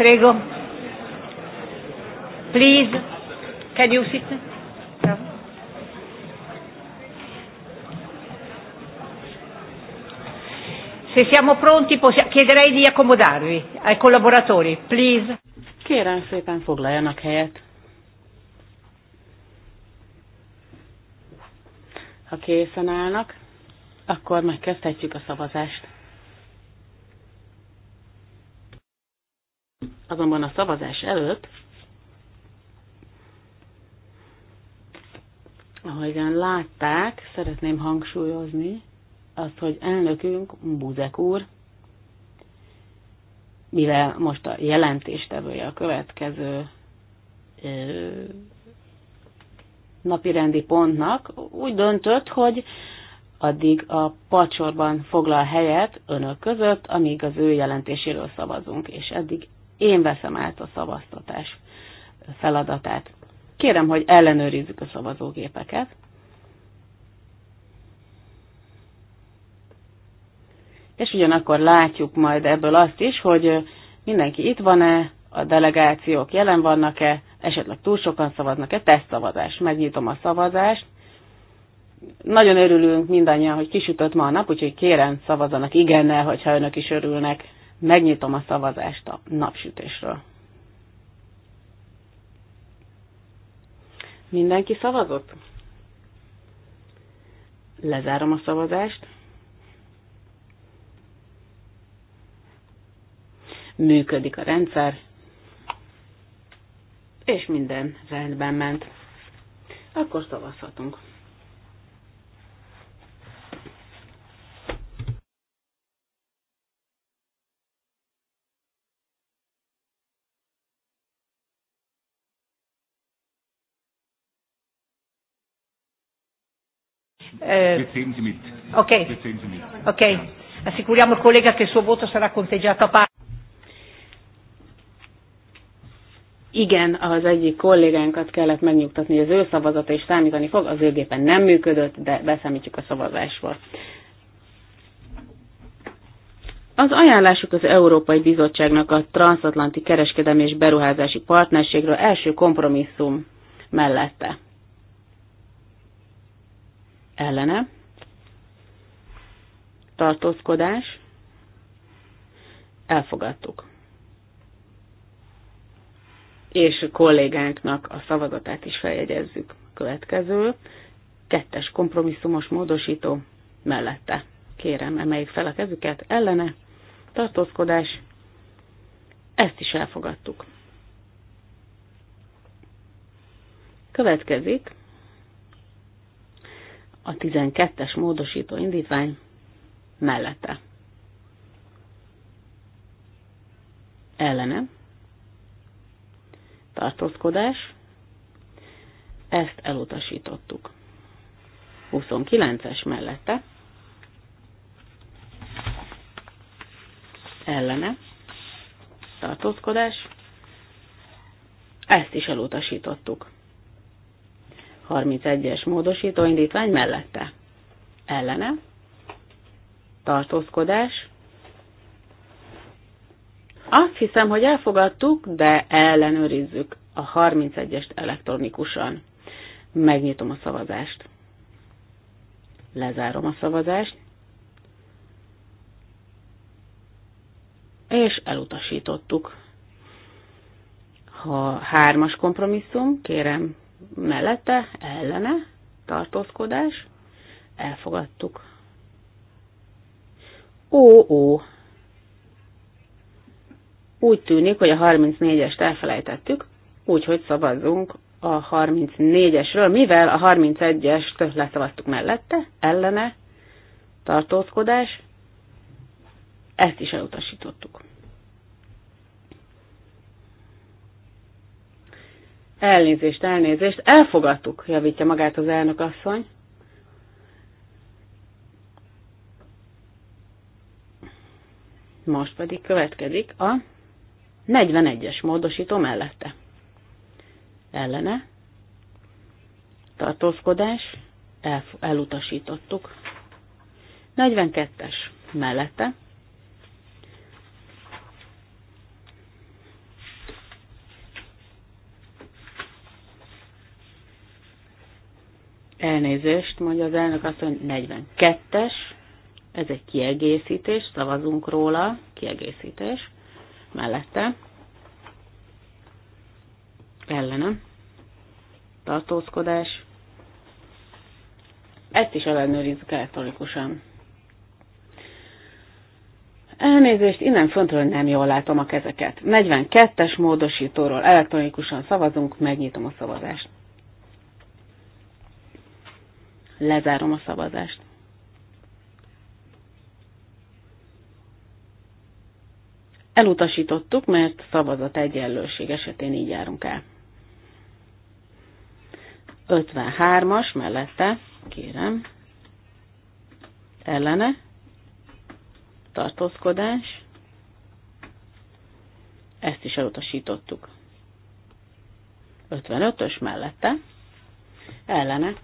Prego. Please. Can you sit? Se siamo pronti chiederei di accomodarvi ai collaboratori. Please. Kérem szépen foglaljanak helyet. Ha készen állnak, akkor megkezdhetjük a szavazást. Azonban a szavazás előtt, ahogyan látták, szeretném hangsúlyozni azt, hogy elnökünk, Buzek úr, mivel most a jelentéstevője a következő napirendi pontnak, úgy döntött, hogy addig a pacsorban foglal helyet önök között, amíg az ő jelentéséről szavazunk, és eddig én veszem át a szavaztatás feladatát. Kérem, hogy ellenőrizzük a szavazógépeket. És ugyanakkor látjuk majd ebből azt is, hogy mindenki itt van-e, a delegációk jelen vannak-e, esetleg túl sokan szavaznak-e, tesztszavazás. Megnyitom a szavazást. Nagyon örülünk mindannyian, hogy kisütött ma a nap, úgyhogy kérem szavazanak igennel, hogyha önök is örülnek Megnyitom a szavazást a napsütésről. Mindenki szavazott? Lezárom a szavazást. Működik a rendszer, és minden rendben ment. Akkor szavazhatunk. Eh, ok, ok. Assicuriamo il collega che il suo voto sarà conteggiato a parte. Igen, az egyik kollégánkat kellett megnyugtatni, hogy az ő szavazata is számítani fog, az ő gépen nem működött, de beszámítjuk a szavazásba. Az ajánlásuk az Európai Bizottságnak a transatlanti kereskedelmi és beruházási partnerségről első kompromisszum mellette ellene, tartózkodás, elfogadtuk. És a kollégánknak a szavazatát is feljegyezzük. Következő, kettes kompromisszumos módosító mellette. Kérem, emeljük fel a kezüket, ellene, tartózkodás, ezt is elfogadtuk. Következik a 12-es módosító indítvány mellette. Ellene. Tartózkodás. Ezt elutasítottuk. 29-es mellette. Ellene. Tartózkodás. Ezt is elutasítottuk. 31-es módosítóindítvány indítvány mellette. Ellene. Tartózkodás. Azt hiszem, hogy elfogadtuk, de ellenőrizzük a 31-est elektronikusan. Megnyitom a szavazást. Lezárom a szavazást. És elutasítottuk. Ha hármas kompromisszum, kérem mellette ellene tartózkodás elfogadtuk. Ó, ó. Úgy tűnik, hogy a 34-est elfelejtettük, úgyhogy szavazzunk a 34-esről, mivel a 31-est leszavaztuk mellette, ellene, tartózkodás, ezt is elutasítottuk. Elnézést, elnézést. Elfogadtuk, javítja magát az elnök asszony. Most pedig következik a 41-es módosító mellette. Ellene. Tartózkodás. El, elutasítottuk. 42-es mellette. Elnézést, mondja az elnök azt, hogy 42-es, ez egy kiegészítés, szavazunk róla, kiegészítés, mellette, ellene, tartózkodás, ezt is ellenőrizzük elektronikusan. Elnézést, innen föntről nem jól látom a kezeket. 42-es módosítóról elektronikusan szavazunk, megnyitom a szavazást. Lezárom a szavazást. Elutasítottuk, mert szavazat egyenlőség esetén így járunk el. 53-as mellette, kérem, ellene, tartózkodás, ezt is elutasítottuk. 55-ös mellette, ellene,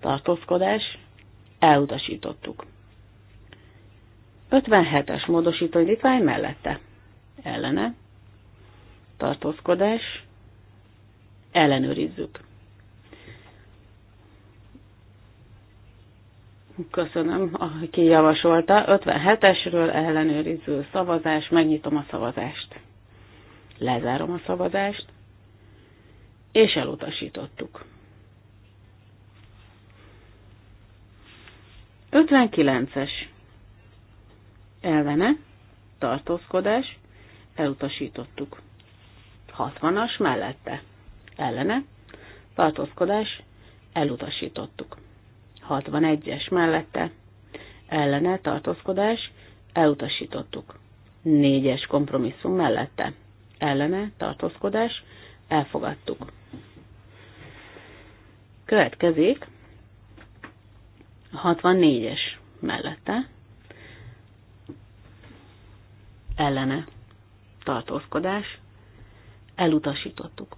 tartózkodás, elutasítottuk. 57-es módosító indítvány mellette, ellene, tartózkodás, ellenőrizzük. Köszönöm, aki javasolta. 57-esről ellenőriző szavazás, megnyitom a szavazást. Lezárom a szavazást, és elutasítottuk. 59-es Elvene, tartózkodás elutasítottuk. 60-as mellette ellene tartózkodás elutasítottuk. 61-es mellette ellene tartózkodás elutasítottuk. 4-es kompromisszum mellette ellene tartózkodás elfogadtuk. Következik 64-es mellette ellene tartózkodás elutasítottuk.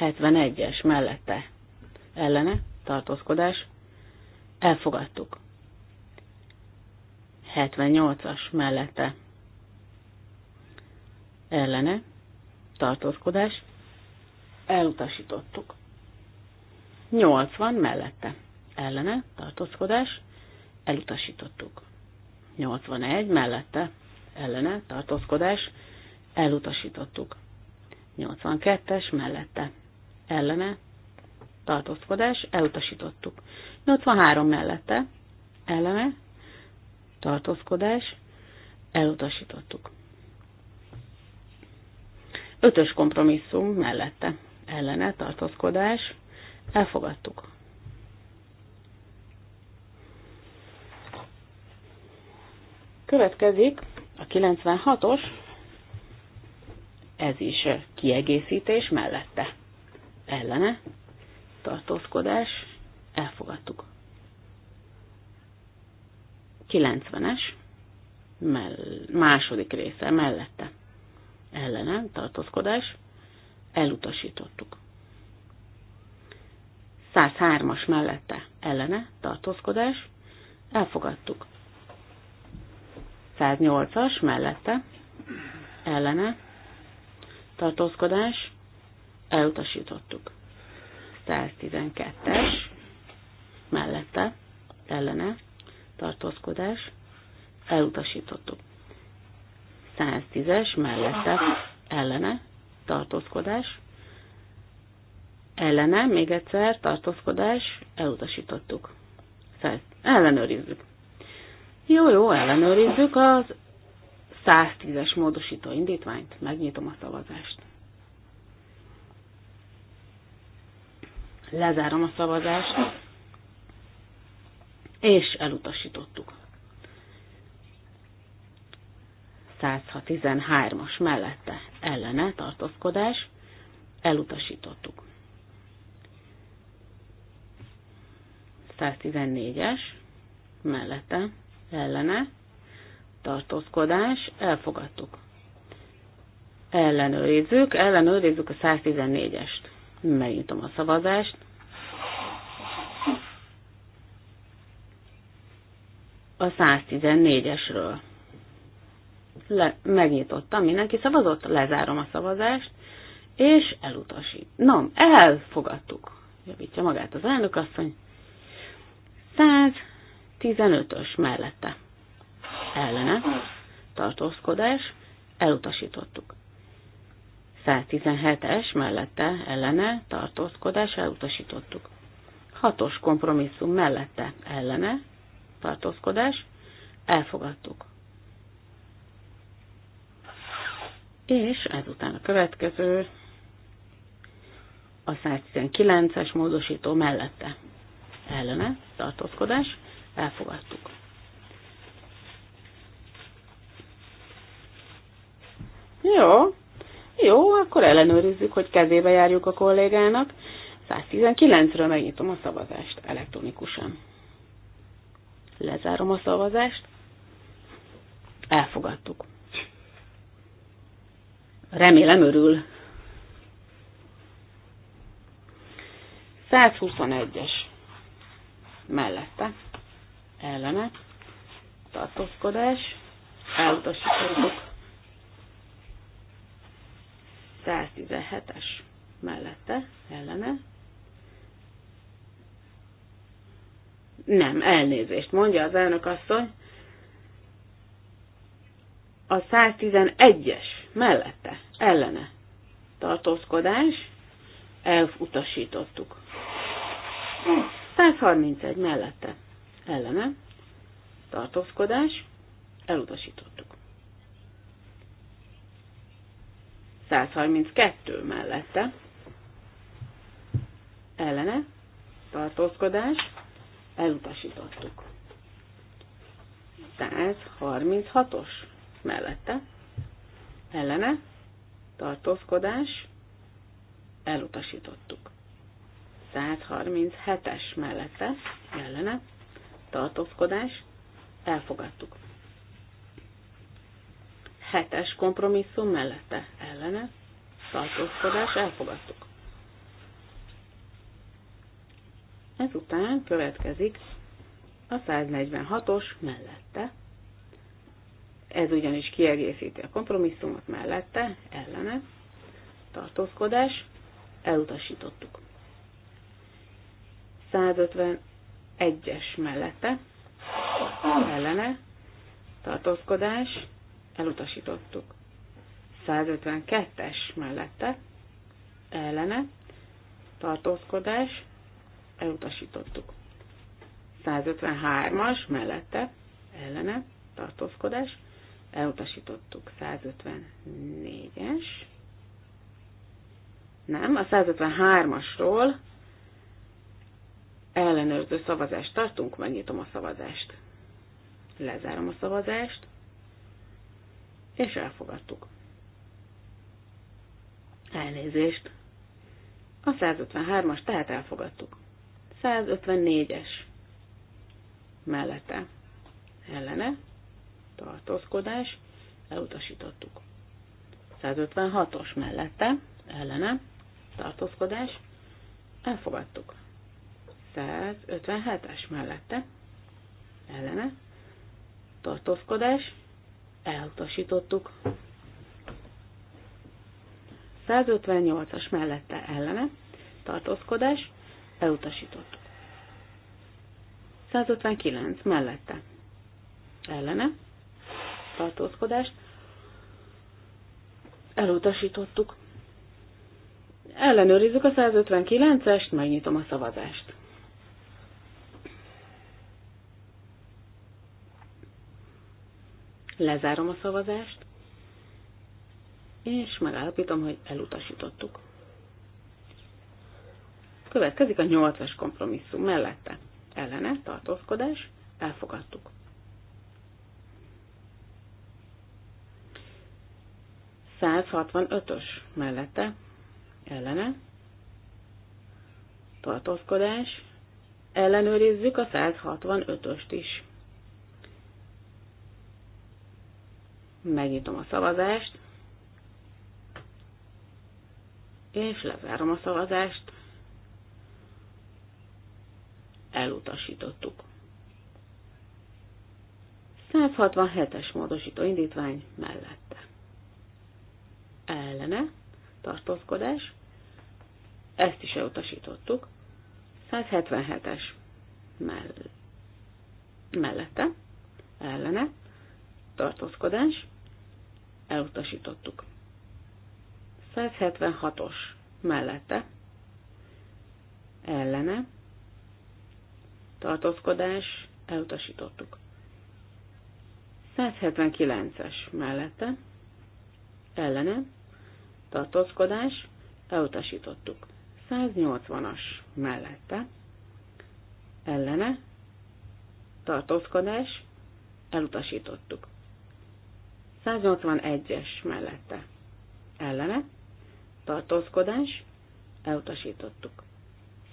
71-es mellette ellene tartózkodás elfogadtuk. 78-as mellette ellene tartózkodás elutasítottuk. 80 mellette ellene, tartózkodás, elutasítottuk. 81 mellette, ellene, tartózkodás, elutasítottuk. 82-es mellette, ellene, tartózkodás, elutasítottuk. 83 mellette, ellene, tartózkodás, elutasítottuk. Ötös kompromisszum mellette, ellene, tartózkodás, elfogadtuk. Következik a 96-os, ez is kiegészítés mellette. Ellene, tartózkodás, elfogadtuk. 90-es, második része mellette. Ellene, tartózkodás, elutasítottuk. 103-as mellette ellene tartózkodás, elfogadtuk. 108-as mellette ellene tartózkodás elutasítottuk. 112-es mellette ellene tartózkodás elutasítottuk. 110-es mellette ellene tartózkodás ellene, még egyszer, tartózkodás, elutasítottuk. ellenőrizzük. Jó, jó, ellenőrizzük az 110-es módosító indítványt. Megnyitom a szavazást. Lezárom a szavazást. És elutasítottuk. 113-as mellette ellene tartózkodás, elutasítottuk. 114-es mellette ellene, tartózkodás, elfogadtuk. Ellenőrizzük, ellenőrizzük a 114-est. Megnyitom a szavazást. A 114-esről. Le, megnyitottam, mindenki szavazott, lezárom a szavazást, és elutasít. Nem, elfogadtuk. Javítja magát az elnök asszony. 100 15-ös mellette. Ellene. Tartózkodás. Elutasítottuk. 117-es mellette ellene tartózkodás elutasítottuk. 6-os kompromisszum mellette ellene tartózkodás elfogadtuk. És ezután a következő a 119-es módosító mellette ellene tartózkodás elfogadtuk. Jó, jó, akkor ellenőrizzük, hogy kezébe járjuk a kollégának. 119-ről megnyitom a szavazást elektronikusan. Lezárom a szavazást. Elfogadtuk. Remélem örül. 121-es mellette ellene, tartózkodás, elutasítottuk. 117-es mellette, ellene. Nem, elnézést, mondja az elnök asszony. A 111-es mellette, ellene tartózkodás, elutasítottuk. 131 mellette ellene, tartózkodás, elutasítottuk. 132 mellette, ellene, tartózkodás, elutasítottuk. 136-os mellette, ellene, tartózkodás, elutasítottuk. 137-es mellette, ellene, tartózkodás, elfogadtuk. Hetes kompromisszum mellette ellene, tartózkodás, elfogadtuk. Ezután következik a 146-os mellette. Ez ugyanis kiegészíti a kompromisszumot mellette, ellene, tartózkodás, elutasítottuk. 150 egyes mellette, ellene, tartózkodás, elutasítottuk. 152-es mellette, ellene, tartózkodás, elutasítottuk. 153-as mellette, ellene, tartózkodás, elutasítottuk. 154-es, nem, a 153-asról ellenőrző szavazást tartunk, megnyitom a szavazást. Lezárom a szavazást, és elfogadtuk. Elnézést. A 153-as, tehát elfogadtuk. 154-es mellette ellene tartózkodás, elutasítottuk. 156-os mellette ellene tartózkodás, elfogadtuk. 157-es mellette ellene tartózkodás elutasítottuk. 158-as mellette ellene tartózkodás elutasítottuk. 159 mellette ellene tartózkodást elutasítottuk. Ellenőrizzük a 159-est, megnyitom a szavazást. Lezárom a szavazást, és megállapítom, hogy elutasítottuk. Következik a nyolcas kompromisszum mellette. Ellene tartózkodás, elfogadtuk. ös mellette ellene tartózkodás, ellenőrizzük a 165-öst is. Megnyitom a szavazást, és lezárom a szavazást. Elutasítottuk. 167-es módosító indítvány mellette. Ellene, tartózkodás, ezt is elutasítottuk. 177-es mell mellette, ellene, tartózkodás, elutasítottuk. 176-os mellette ellene tartózkodás elutasítottuk. 179-es mellette ellene tartózkodás elutasítottuk. 180-as mellette ellene tartózkodás elutasítottuk. 181-es mellette ellene, tartózkodás, elutasítottuk.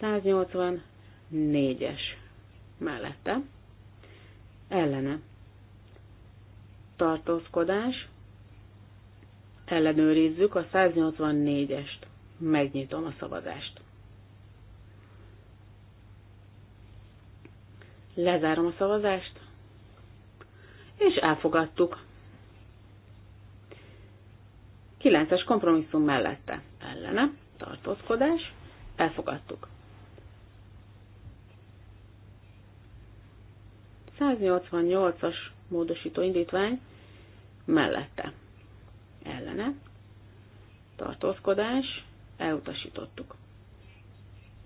184-es mellette, ellene, tartózkodás, ellenőrizzük a 184-est, megnyitom a szavazást. Lezárom a szavazást, és elfogadtuk Kilences kompromisszum mellette ellene tartózkodás elfogadtuk. 188-as módosító indítvány mellette ellene tartózkodás elutasítottuk.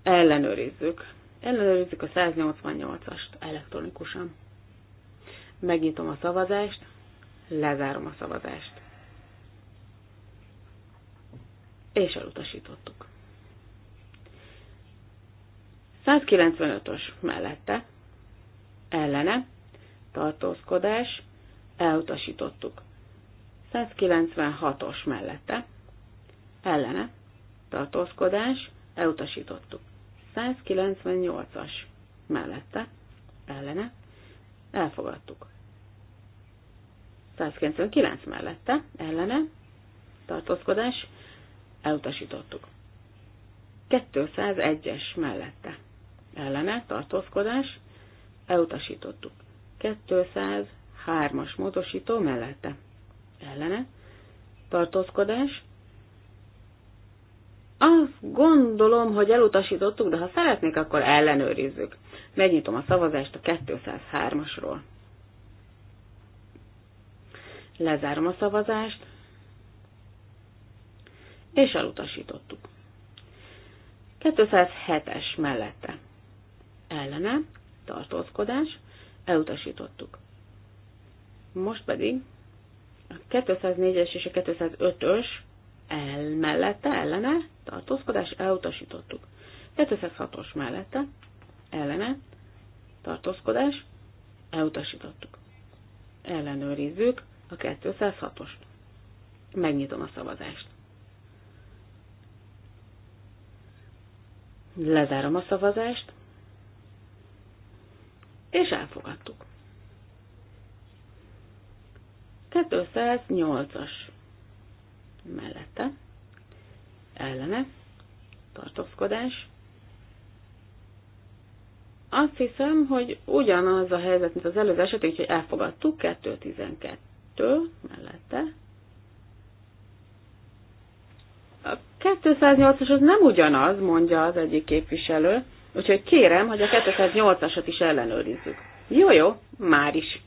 Ellenőrizzük. Ellenőrizzük a 188-ast elektronikusan. Megnyitom a szavazást, lezárom a szavazást. és elutasítottuk. 195-ös mellette, ellene, tartózkodás, elutasítottuk. 196-os mellette, ellene, tartózkodás, elutasítottuk. 198-as mellette, ellene, elfogadtuk. 199 mellette, ellene, tartózkodás, elutasítottuk. 201-es mellette ellene tartózkodás, elutasítottuk. 203-as módosító mellette ellene tartózkodás. Azt gondolom, hogy elutasítottuk, de ha szeretnék, akkor ellenőrizzük. Megnyitom a szavazást a 203-asról. Lezárom a szavazást, és elutasítottuk. 207-es mellette ellene tartózkodás, elutasítottuk. Most pedig a 204-es és a 205-ös el mellette, ellene, tartózkodás, elutasítottuk. 206-os mellette, ellene, tartózkodás, elutasítottuk. Ellenőrizzük a 206-ost. Megnyitom a szavazást. Lezárom a szavazást, és elfogadtuk. 208-as mellette ellene tartózkodás. Azt hiszem, hogy ugyanaz a helyzet, mint az előző eset, úgyhogy elfogadtuk 212 mellette a 208-as az nem ugyanaz, mondja az egyik képviselő, úgyhogy kérem, hogy a 208-asat is ellenőrizzük. Jó, jó, már is.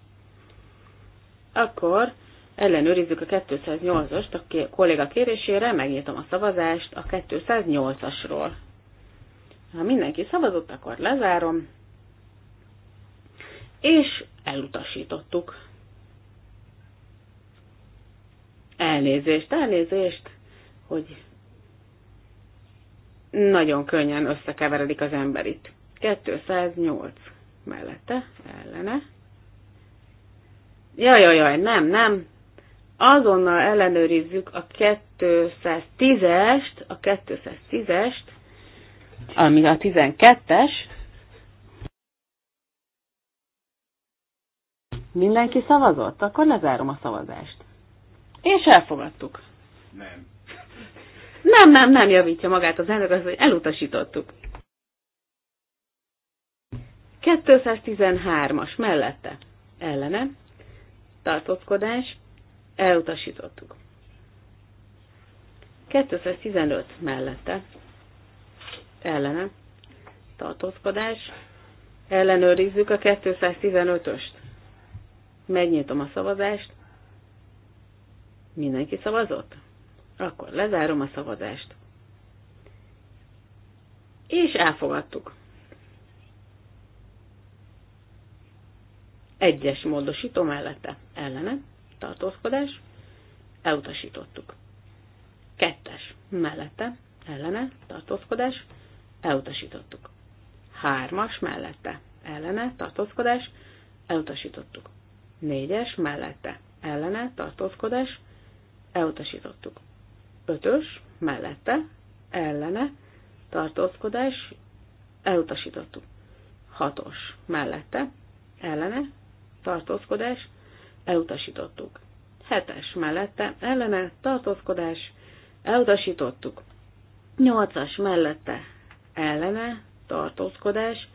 Akkor ellenőrizzük a 208-ast a kolléga kérésére, megnyitom a szavazást a 208-asról. Ha mindenki szavazott, akkor lezárom. És elutasítottuk. Elnézést, elnézést, hogy nagyon könnyen összekeveredik az ember itt. 208 mellette, ellene. Jaj, jaj, jaj, nem, nem. Azonnal ellenőrizzük a 210-est, a 210-est, ami a 12-es. Mindenki szavazott? Akkor lezárom a szavazást. És elfogadtuk. Nem. Nem, nem, nem javítja magát az elnök, az, hogy elutasítottuk. 213-as mellette ellene tartózkodás elutasítottuk. 215 mellette ellene tartózkodás ellenőrizzük a 215-öst. Megnyitom a szavazást. Mindenki szavazott? Akkor lezárom a szavazást. És elfogadtuk. Egyes módosító mellette ellene tartózkodás, elutasítottuk. Kettes mellette ellene tartózkodás, elutasítottuk. Hármas mellette ellene tartózkodás, elutasítottuk. Négyes mellette ellene tartózkodás, elutasítottuk. Ötös mellette ellene tartózkodás elutasítottuk. Hatos mellette ellene tartózkodás elutasítottuk. Hetes mellette ellene tartózkodás elutasítottuk. Nyolcas mellette ellene tartózkodás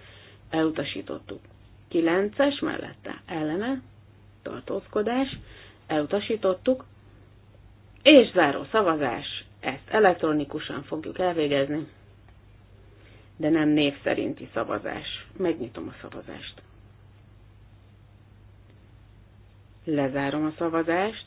elutasítottuk. Kilences mellette ellene tartózkodás elutasítottuk és záró szavazás, ezt elektronikusan fogjuk elvégezni, de nem név szerinti szavazás. Megnyitom a szavazást. Lezárom a szavazást,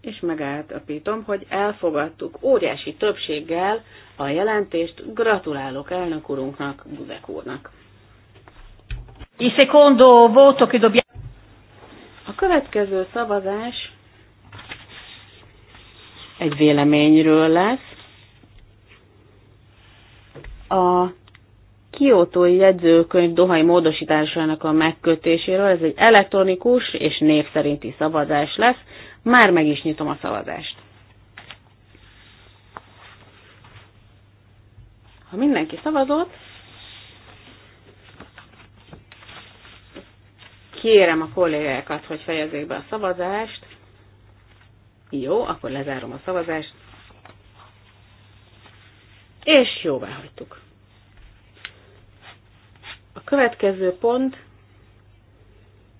és megállapítom, hogy elfogadtuk óriási többséggel a jelentést. Gratulálok elnök urunknak, Buzek úrnak. I secondo voto che dobbiamo következő szavazás egy véleményről lesz. A kiotói jegyzőkönyv dohai módosításának a megkötéséről, ez egy elektronikus és név szerinti szavazás lesz. Már meg is nyitom a szavazást. Ha mindenki szavazott, Kérem a kollégákat, hogy fejezzék be a szavazást. Jó, akkor lezárom a szavazást. És jóvá hagytuk. A következő pont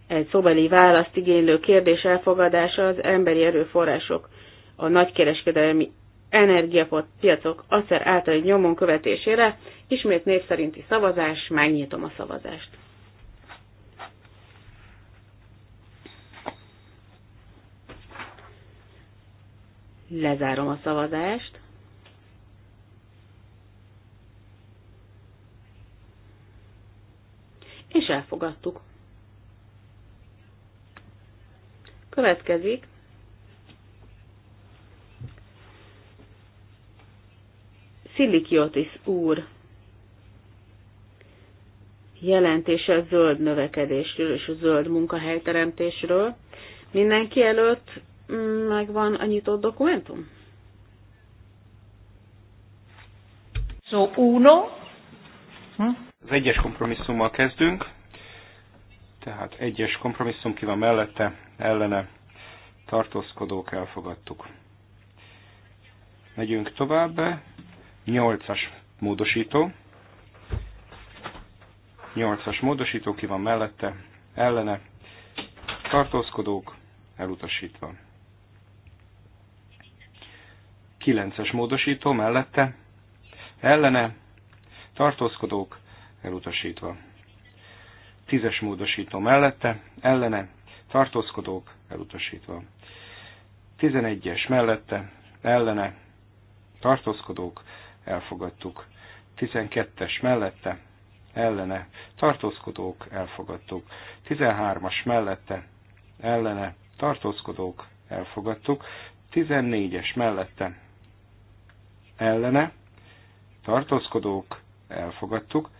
egy szóbeli választ igénylő kérdés elfogadása az emberi erőforrások, a nagykereskedelmi energiapiacok acer általi nyomon követésére. Ismét név szerinti szavazás, megnyitom a szavazást. Lezárom a szavazást. És elfogadtuk. Következik Szilikiotis úr jelentése a zöld növekedésről és a zöld munkahelyteremtésről. Mindenki előtt megvan a nyitott dokumentum? So, uno. Hm? Az egyes kompromisszummal kezdünk. Tehát egyes kompromisszum ki van mellette, ellene tartózkodók elfogadtuk. Megyünk tovább. Nyolcas módosító. Nyolcas módosító ki van mellette, ellene tartózkodók elutasítva. 9-es módosító mellette, ellene, tartózkodók, elutasítva. 10-es módosító mellette, ellene, tartózkodók, elutasítva. 11-es mellette, ellene, tartózkodók, elfogadtuk. 12-es mellette, ellene, tartózkodók, elfogadtuk. 13-as mellette, ellene, tartózkodók, elfogadtuk. 14-es mellette, ellene, tartózkodók, elfogadtuk.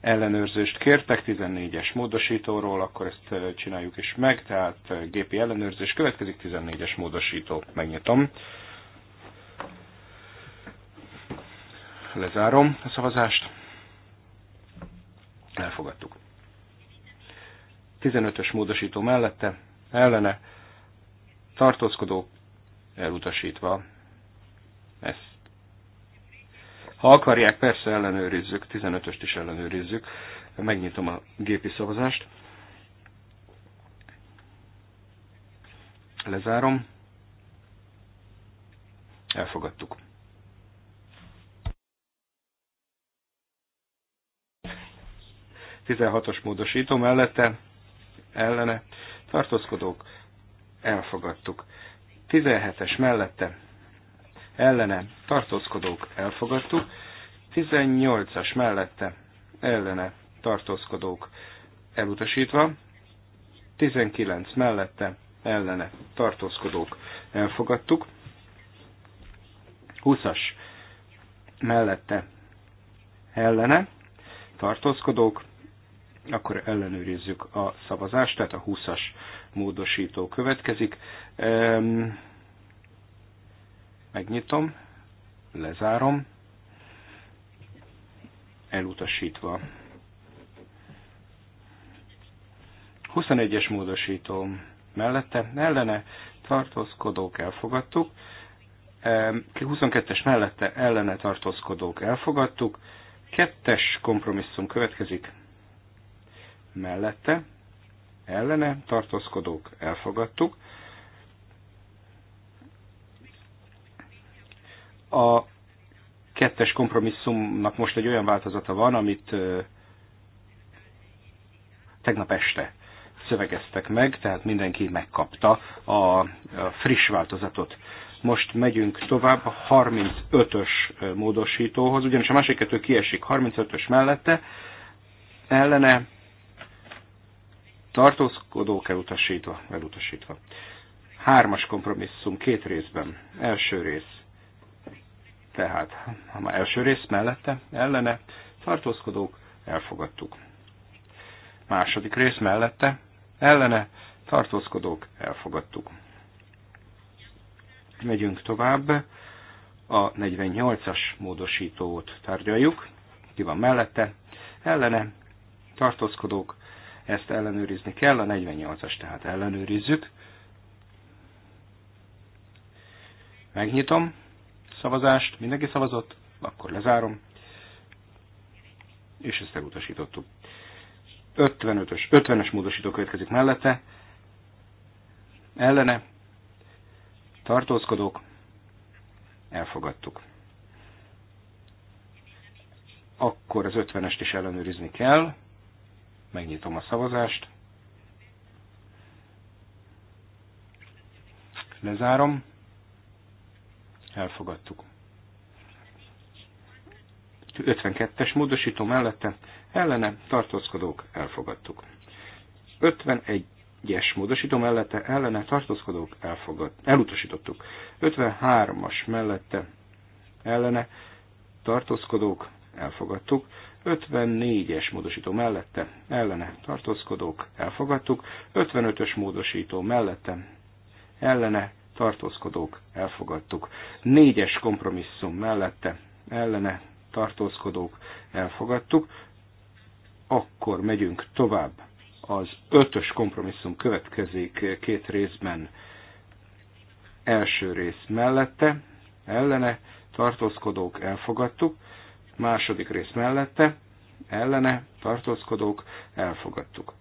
Ellenőrzést kértek 14-es módosítóról, akkor ezt csináljuk is meg, tehát gépi ellenőrzés következik, 14-es módosító, megnyitom. Lezárom a szavazást. Elfogadtuk. 15-ös módosító mellette, ellene, tartózkodó, elutasítva ezt. Ha akarják, persze ellenőrizzük, 15-öst is ellenőrizzük. Megnyitom a gépi szavazást. Lezárom. Elfogadtuk. Tizenhatos módosító mellette, ellene, tartózkodók, elfogadtuk. 17-es mellette ellene tartózkodók elfogadtuk, 18-as mellette ellene tartózkodók elutasítva, 19 mellette ellene tartózkodók elfogadtuk, 20-as mellette ellene tartózkodók, akkor ellenőrizzük a szavazást, tehát a 20-as módosító következik megnyitom, lezárom, elutasítva. 21-es módosító mellette, ellene tartózkodók elfogadtuk, 22-es mellette ellene tartózkodók elfogadtuk, kettes kompromisszum következik mellette, ellene tartózkodók elfogadtuk, A kettes kompromisszumnak most egy olyan változata van, amit tegnap este szövegeztek meg, tehát mindenki megkapta a friss változatot. Most megyünk tovább a 35-ös módosítóhoz, ugyanis a másik kettő kiesik 35-ös mellette, ellene tartózkodók elutasítva, elutasítva. Hármas kompromisszum két részben. Első rész tehát ha már első rész mellette, ellene, tartózkodók, elfogadtuk. Második rész mellette, ellene, tartózkodók, elfogadtuk. Megyünk tovább, a 48-as módosítót tárgyaljuk, ki van mellette, ellene, tartózkodók, ezt ellenőrizni kell, a 48-as tehát ellenőrizzük. Megnyitom, szavazást. Mindenki szavazott? Akkor lezárom. És ezt elutasítottuk. 55-ös, 50-es módosító következik mellette. Ellene. Tartózkodók. Elfogadtuk. Akkor az 50-est is ellenőrizni kell. Megnyitom a szavazást. Lezárom elfogadtuk. 52-es módosító mellette ellene tartózkodók elfogadtuk. 51-es módosító mellette ellene tartózkodók elfogad, elutasítottuk. 53-as mellette ellene tartózkodók elfogadtuk. 54-es módosító mellette ellene tartózkodók elfogadtuk. 55-ös módosító mellette ellene tartózkodók, elfogadtuk. Négyes kompromisszum mellette, ellene, tartózkodók, elfogadtuk. Akkor megyünk tovább. Az ötös kompromisszum következik két részben. Első rész mellette, ellene, tartózkodók, elfogadtuk. Második rész mellette, ellene, tartózkodók, elfogadtuk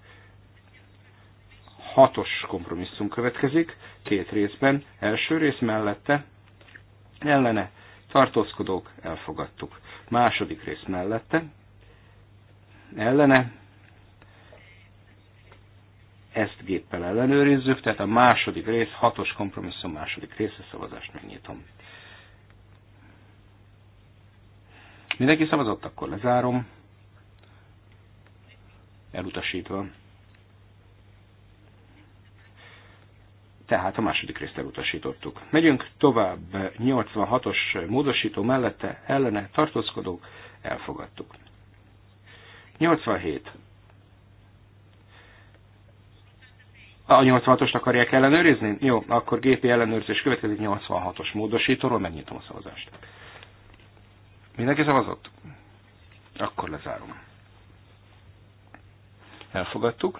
hatos kompromisszum következik, két részben, első rész mellette, ellene, tartózkodók, elfogadtuk. Második rész mellette, ellene, ezt géppel ellenőrizzük, tehát a második rész, hatos kompromisszum második része, szavazást megnyitom. Mindenki szavazott, akkor lezárom. Elutasítva. tehát a második részt elutasítottuk. Megyünk tovább, 86-os módosító mellette ellene tartózkodók, elfogadtuk. 87. A 86-ost akarják ellenőrizni? Jó, akkor gépi ellenőrzés következik 86-os módosítóról, megnyitom a szavazást. Mindenki szavazott? Akkor lezárom. Elfogadtuk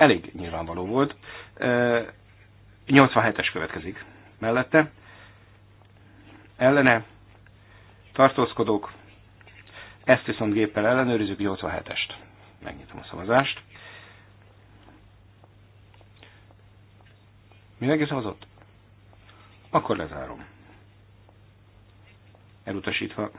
elég nyilvánvaló volt. 87-es következik mellette. Ellene tartózkodók, ezt viszont géppel ellenőrizzük, 87-est. Megnyitom a szavazást. Mindenki szavazott? Akkor lezárom. Elutasítva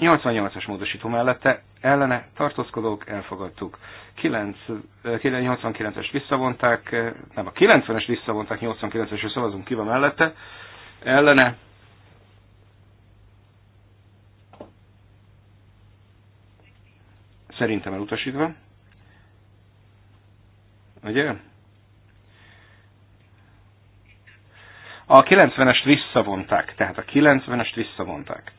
88-as módosító mellette ellene tartózkodók elfogadtuk. 9, 89-es visszavonták, nem a 90-es visszavonták, 89 es szavazunk ki van mellette. Ellene szerintem elutasítva. Ugye? A 90-est visszavonták, tehát a 90-est visszavonták.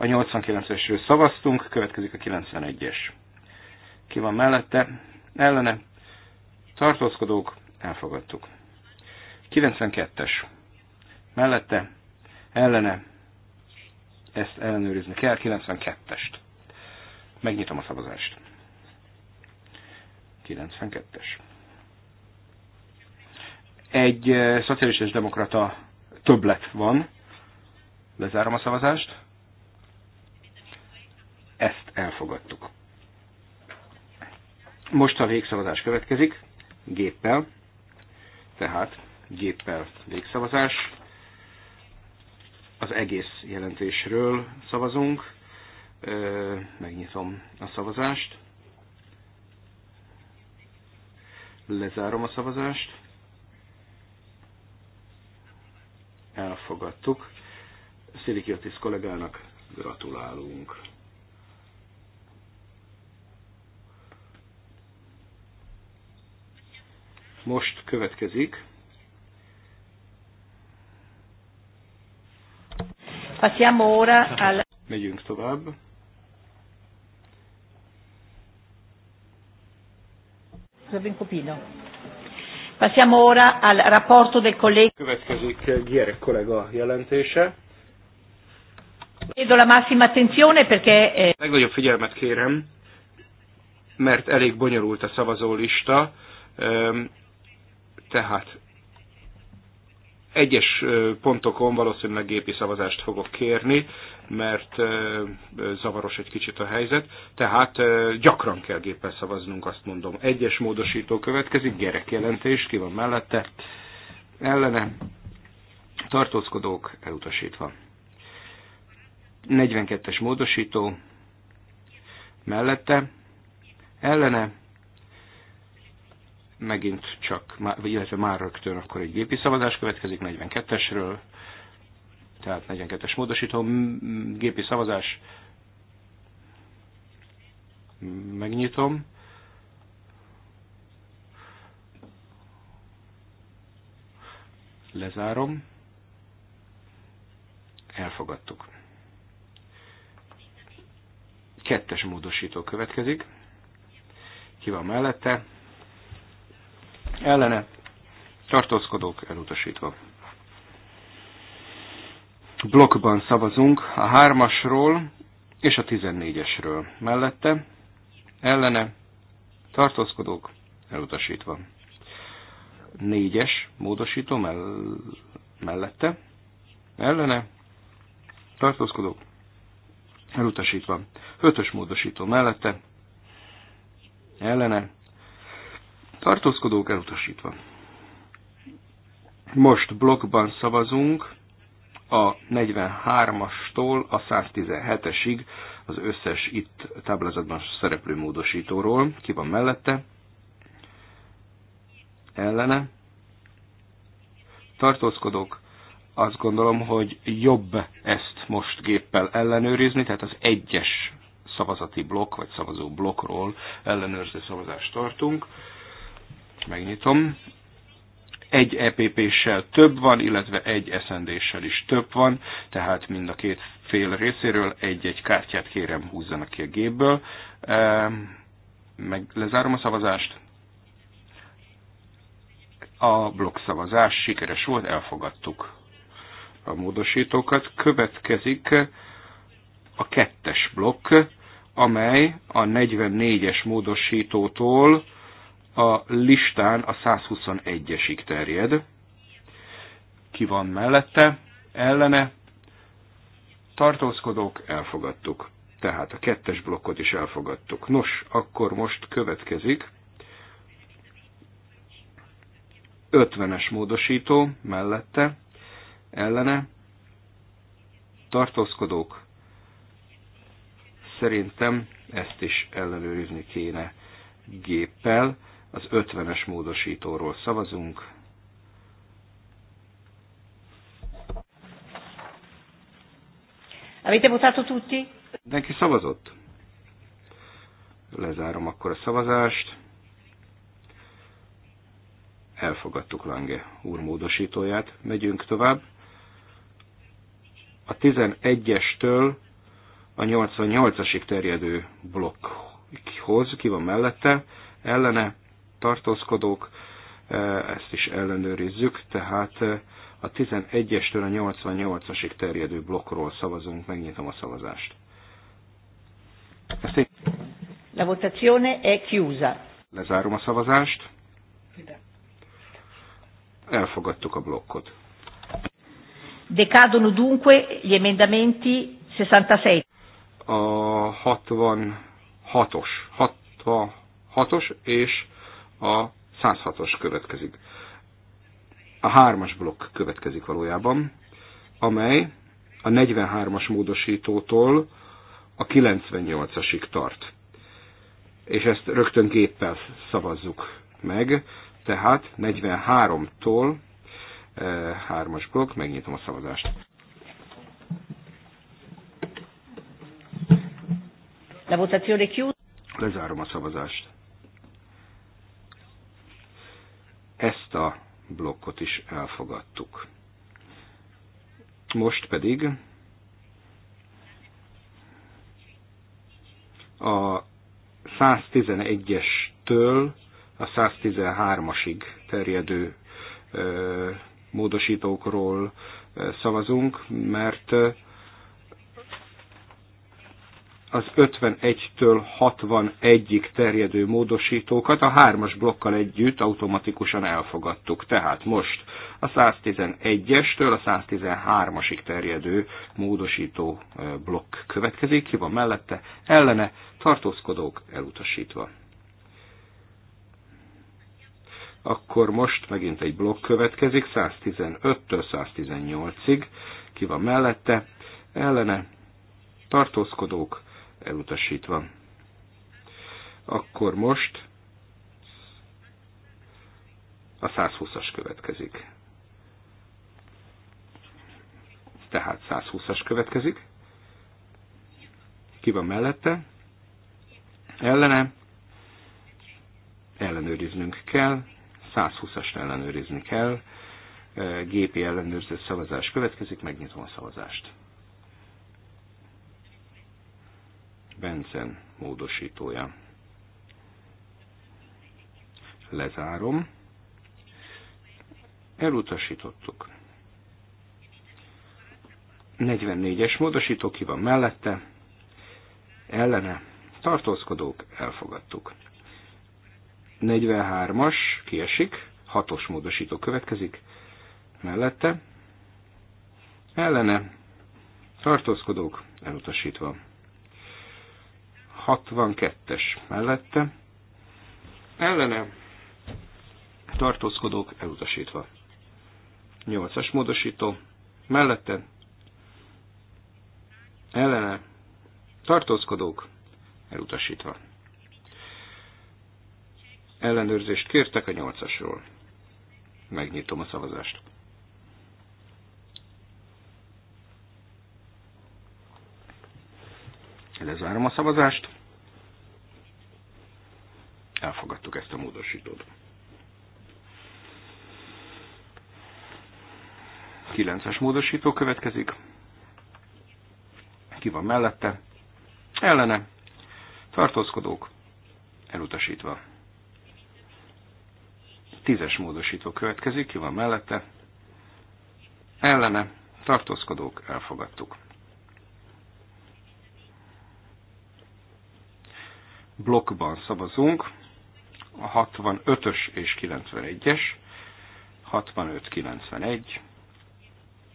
A 89-esről szavaztunk, következik a 91-es. Ki van mellette? Ellene. Tartózkodók, elfogadtuk. 92-es. Mellette, ellene, ezt ellenőrizni kell, 92-est. Megnyitom a szavazást. 92-es. Egy eh, szociális és demokrata többlet van. Lezárom a szavazást. Ezt elfogadtuk. Most a végszavazás következik, géppel, tehát géppel végszavazás. Az egész jelentésről szavazunk. Megnyitom a szavazást. Lezárom a szavazást. Elfogadtuk. Szilikiotis kollégának gratulálunk. Most következik. Passiamo ora al... Megyünk tovább. Robin Copino. Passiamo ora al rapporto del collega. Következik Gierek kollega jelentése. Chiedo la massima attenzione perché... Eh, Legnagyobb figyelmet kérem, mert elég bonyolult a szavazólista. Tehát egyes pontokon valószínűleg gépi szavazást fogok kérni, mert zavaros egy kicsit a helyzet, tehát gyakran kell géppel szavaznunk, azt mondom. Egyes módosító következik, gyerekjelentés, ki van mellette, ellene, tartózkodók elutasítva. 42-es módosító mellette, ellene, megint csak, illetve már rögtön akkor egy gépi szavazás következik 42-esről, tehát 42-es módosító, gépi szavazás, megnyitom. Lezárom. Elfogadtuk. Kettes módosító következik. Ki van mellette? ellene tartózkodók elutasítva. Blokkban szavazunk a hármasról és a tizennégyesről Mellette ellene tartózkodók elutasítva. Négyes módosító mell mellette ellene tartózkodók elutasítva. Ötös módosító mellette ellene tartózkodók elutasítva. Most blokkban szavazunk a 43-astól a 117-esig az összes itt táblázatban szereplő módosítóról. Ki van mellette? Ellene? Tartózkodók? Azt gondolom, hogy jobb ezt most géppel ellenőrizni, tehát az egyes szavazati blokk vagy szavazó blokkról ellenőrző szavazást tartunk. Megnyitom. Egy EPP-ssel több van, illetve egy SND-ssel is több van, tehát mind a két fél részéről egy-egy kártyát kérem húzzanak ki a gépből. Meg lezárom a szavazást. A blokkszavazás sikeres volt, elfogadtuk a módosítókat. Következik a kettes blokk, amely a 44-es módosítótól a listán a 121-esig terjed. Ki van mellette, ellene, tartózkodók, elfogadtuk. Tehát a kettes blokkot is elfogadtuk. Nos, akkor most következik 50-es módosító mellette, ellene, tartózkodók, szerintem ezt is ellenőrizni kéne géppel. Az 50-es módosítóról szavazunk. Avete votato tutti? Mindenki szavazott? Lezárom akkor a szavazást. Elfogadtuk Lange úr módosítóját. Megyünk tovább. A 11-estől a 88-asig terjedő blokkhoz, ki van mellette, ellene, tartózkodók, e, ezt is ellenőrizzük, tehát e, a 11-estől a 88-asig terjedő blokkról szavazunk, megnyitom a szavazást. Ezt La votazione è chiusa. Lezárom a szavazást. Elfogadtuk a blokkot. Decadono dunque gli emendamenti 66. A 66-os, 66-os és a 106-os következik. A 3-as blokk következik valójában, amely a 43-as módosítótól a 98-asig tart. És ezt rögtön géppel szavazzuk meg, tehát 43-tól 3-as eh, blokk, megnyitom a szavazást. La votazione chiusa. Lezárom a szavazást. Ezt a blokkot is elfogadtuk. Most pedig a 111-estől a 113-asig terjedő módosítókról szavazunk, mert az 51-től 61-ig terjedő módosítókat a hármas blokkal együtt automatikusan elfogadtuk. Tehát most a 111-estől a 113-asig terjedő módosító blokk következik, ki van mellette, ellene tartózkodók elutasítva. Akkor most megint egy blokk következik, 115-től 118-ig, ki van mellette, ellene tartózkodók elutasítva. Akkor most a 120-as következik. Tehát 120-as következik. Ki van mellette? Ellene? Ellenőriznünk kell. 120-ast ellenőrizni kell. Gépi ellenőrző szavazás következik, megnyitom a szavazást. benzen módosítója. Lezárom. Elutasítottuk. 44-es módosító ki van mellette, ellene, tartózkodók, elfogadtuk. 43-as kiesik, 6-os módosító következik, mellette, ellene, tartózkodók, elutasítva. 62-es mellette, ellene tartózkodók elutasítva. 8-as módosító mellette, ellene tartózkodók elutasítva. Ellenőrzést kértek a 8-asról. Megnyitom a szavazást. Lezárom a szavazást elfogadtuk ezt a módosítót. 9-es módosító következik. Ki van mellette? Ellene. Tartózkodók. Elutasítva. 10-es módosító következik. Ki van mellette? Ellene. Tartózkodók. Elfogadtuk. Blokkban szavazunk a 65-ös és 91-es, 65-91,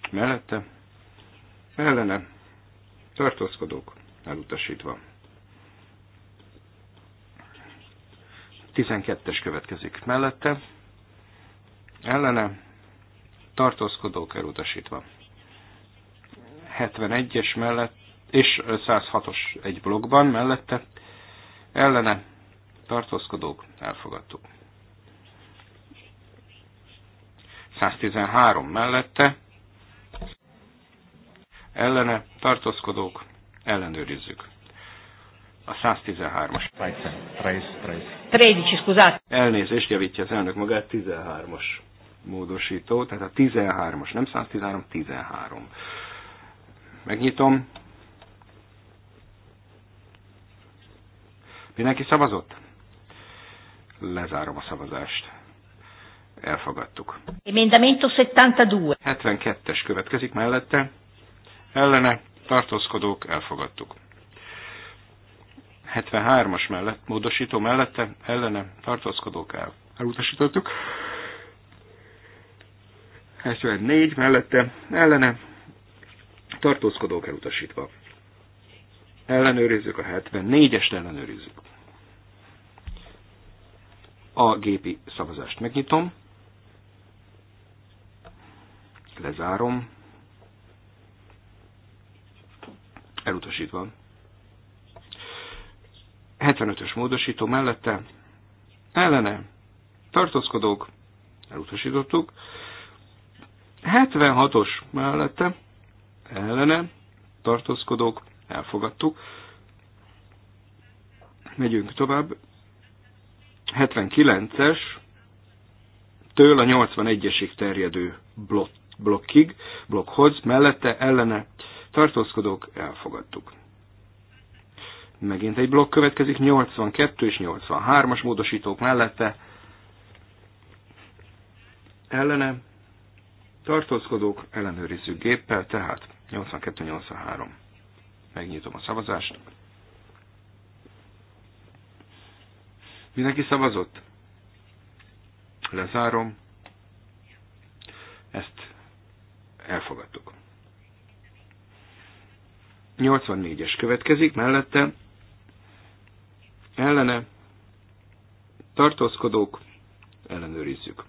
mellette, ellene, tartózkodók, elutasítva. 12-es következik mellette, ellene, tartózkodók elutasítva. 71-es mellett, és 106-os egy blokkban mellette, ellene, tartózkodók, elfogadtuk. 113 mellette, ellene, tartózkodók, ellenőrizzük. A 113-as. Elnézést, javítja az elnök magát, 13-as módosító, tehát a 13-as, nem 113, 13. Megnyitom. Mindenki szavazott? Lezárom a szavazást. Elfogadtuk. Emendamento 72. 72-es következik mellette. Ellene tartózkodók elfogadtuk. 73-as mellett, módosító mellette, ellene tartózkodók el, elutasítottuk. 74 mellette, ellene tartózkodók elutasítva. Ellenőrizzük a 74-est, ellenőrizzük. A gépi szavazást megnyitom. Lezárom. Elutasítva. 75-ös módosító mellette ellene tartózkodók, elutasítottuk. 76-os mellette ellene tartózkodók, elfogadtuk. Megyünk tovább. 79-es től a 81-esig terjedő blokk, blokkig, blokkhoz, mellette, ellene tartózkodók elfogadtuk. Megint egy blokk következik, 82 és 83-as módosítók mellette, ellene tartózkodók ellenőrizzük géppel, tehát 82-83. Megnyitom a szavazást. Mindenki szavazott? Lezárom. Ezt elfogadtuk. 84-es következik, mellette ellene tartózkodók ellenőrizzük.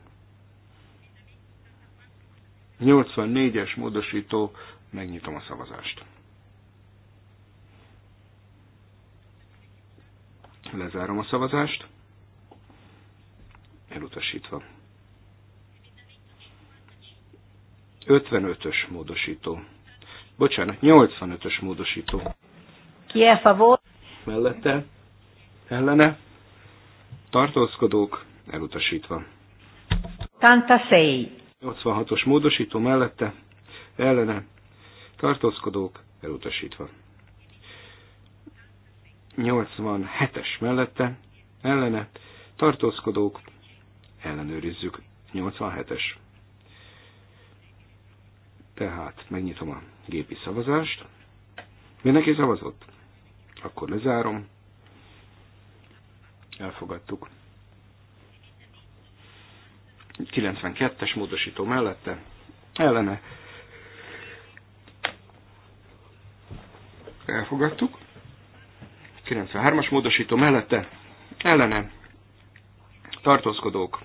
84-es módosító, megnyitom a szavazást. Lezárom a szavazást elutasítva. 55-ös módosító. Bocsánat, 85-ös módosító. Ki a favor? Mellette, ellene, tartózkodók, elutasítva. 86. 86-os módosító mellette, ellene, tartózkodók, elutasítva. 87-es mellette, ellene, tartózkodók, ellenőrizzük. 87-es. Tehát megnyitom a gépi szavazást. Mindenki szavazott? Akkor lezárom. Elfogadtuk. 92-es módosító mellette ellene elfogadtuk. 93-as módosító mellette ellene tartózkodók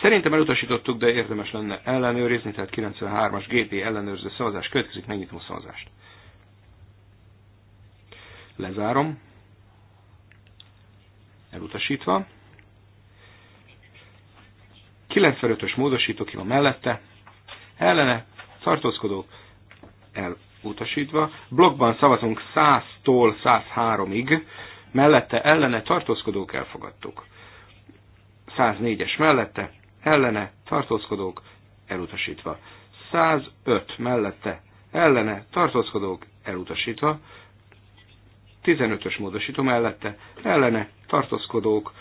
Szerintem elutasítottuk, de érdemes lenne ellenőrizni, tehát 93-as GP ellenőrző szavazás következik, megnyitom a szavazást. Lezárom. Elutasítva. 95-ös módosító ki van mellette, ellene tartózkodó elutasítva. Blokkban szavazunk 100-tól 103-ig, mellette ellene tartózkodók elfogadtuk. 104-es mellette ellene tartózkodók elutasítva. 105 mellette ellene tartózkodók elutasítva. 15-ös módosító mellette ellene tartózkodók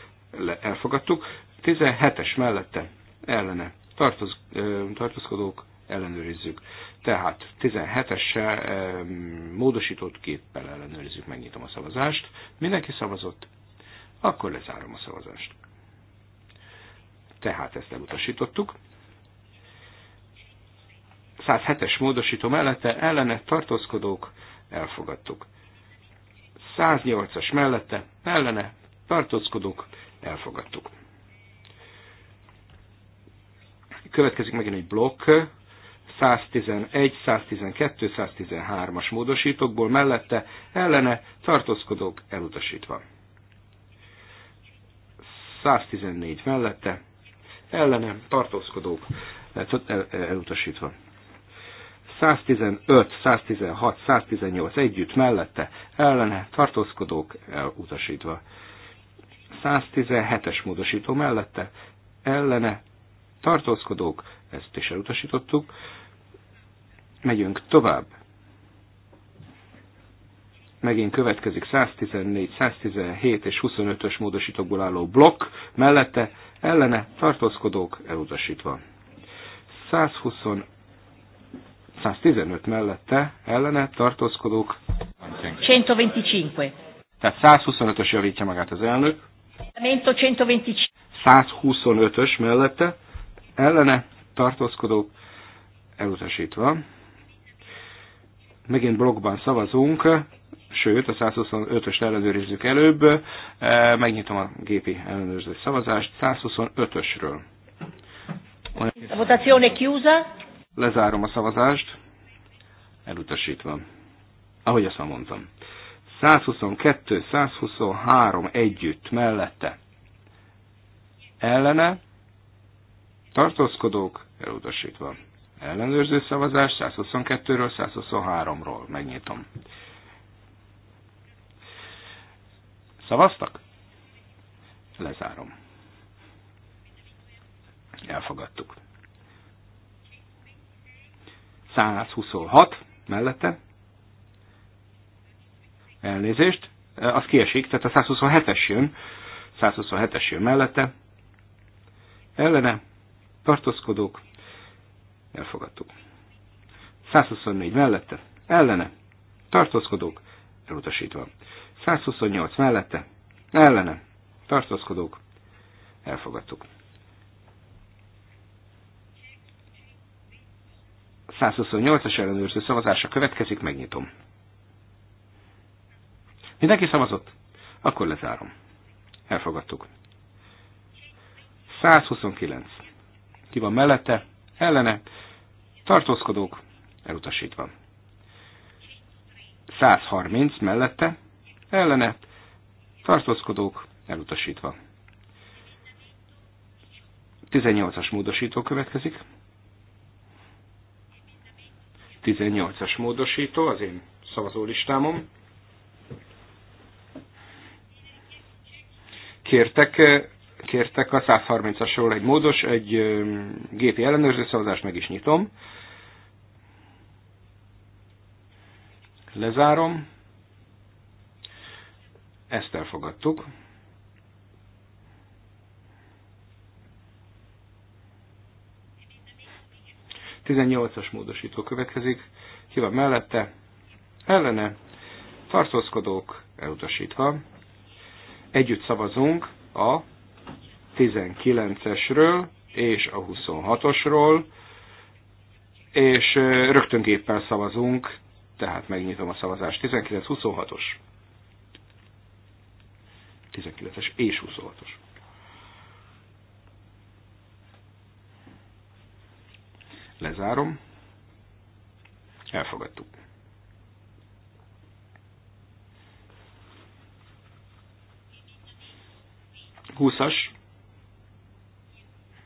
elfogadtuk. 17-es mellette ellene tartoz, tartózkodók ellenőrizzük. Tehát 17-es e, módosított képpel ellenőrizzük, megnyitom a szavazást. Mindenki szavazott, akkor lezárom a szavazást tehát ezt elutasítottuk. 107-es módosító mellette ellene tartózkodók elfogadtuk. 108-as mellette ellene tartózkodók elfogadtuk. Következik megint egy blokk, 111, 112, 113-as módosítókból mellette ellene tartózkodók elutasítva. 114 mellette ellenem tartózkodók elutasítva. 115, 116, 118 együtt, mellette, ellene, tartózkodók elutasítva. 117-es módosító mellette, ellene, tartózkodók, ezt is elutasítottuk. Megyünk tovább. Megint következik 114, 117 és 25-ös módosítókból álló blokk, mellette, ellene tartózkodók elutasítva. 120, 115 mellette ellene tartózkodók. 125. Tehát 125-ös javítja magát az elnök. 125-ös mellette ellene tartózkodók elutasítva. Megint blogban szavazunk sőt a 125 ös ellenőrizzük előbb. E, megnyitom a gépi ellenőrző szavazást 125-ösről. Votazione chiusa. Lezárom a szavazást, elutasítva. Ahogy azt mondtam. 122, 123 együtt, mellette. Ellene, tartózkodók, elutasítva. Ellenőrző szavazás 122-ről, 123-ról. Megnyitom. Szavaztak? Lezárom. Elfogadtuk. 126 mellette. Elnézést. E, az kiesik, tehát a 127-es jön. 127-es jön mellette. Ellene tartózkodók. Elfogadtuk. 124 mellette. Ellene tartózkodók. Elutasítva. 128 mellette, ellene, tartózkodók, elfogadtuk. 128-as ellenőrző szavazása következik, megnyitom. Mindenki szavazott? Akkor lezárom. Elfogadtuk. 129. Ki van mellette? Ellene? Tartózkodók? Elutasítva. 130 mellette? ellene, tartózkodók elutasítva. 18-as módosító következik. 18-as módosító az én szavazólistámom. Kértek, kértek a 130-asról egy módos, egy gépi ellenőrző szavazást meg is nyitom. Lezárom. Ezt elfogadtuk. Tizennyolcas módosító következik. Ki van mellette? Ellene. Tartózkodók elutasítva. Együtt szavazunk a 19-esről és a 26-osról, és rögtön géppel szavazunk, tehát megnyitom a szavazást. 19-26-os. 19-es és 26-os. Lezárom. Elfogadtuk. Húszas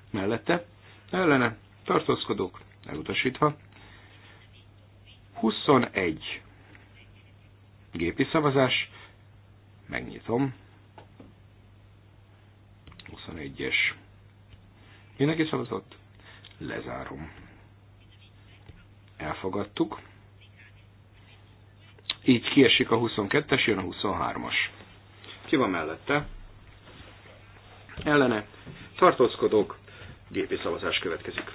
mellette, ellene, tartózkodók, elutasítva. 21. Gépi szavazás. Megnyitom. 21-es. Mindenki szavazott? Lezárom. Elfogadtuk. Így kiesik a 22-es, jön a 23-as. Ki van mellette? Ellene. Tartózkodók. Gépi szavazás következik.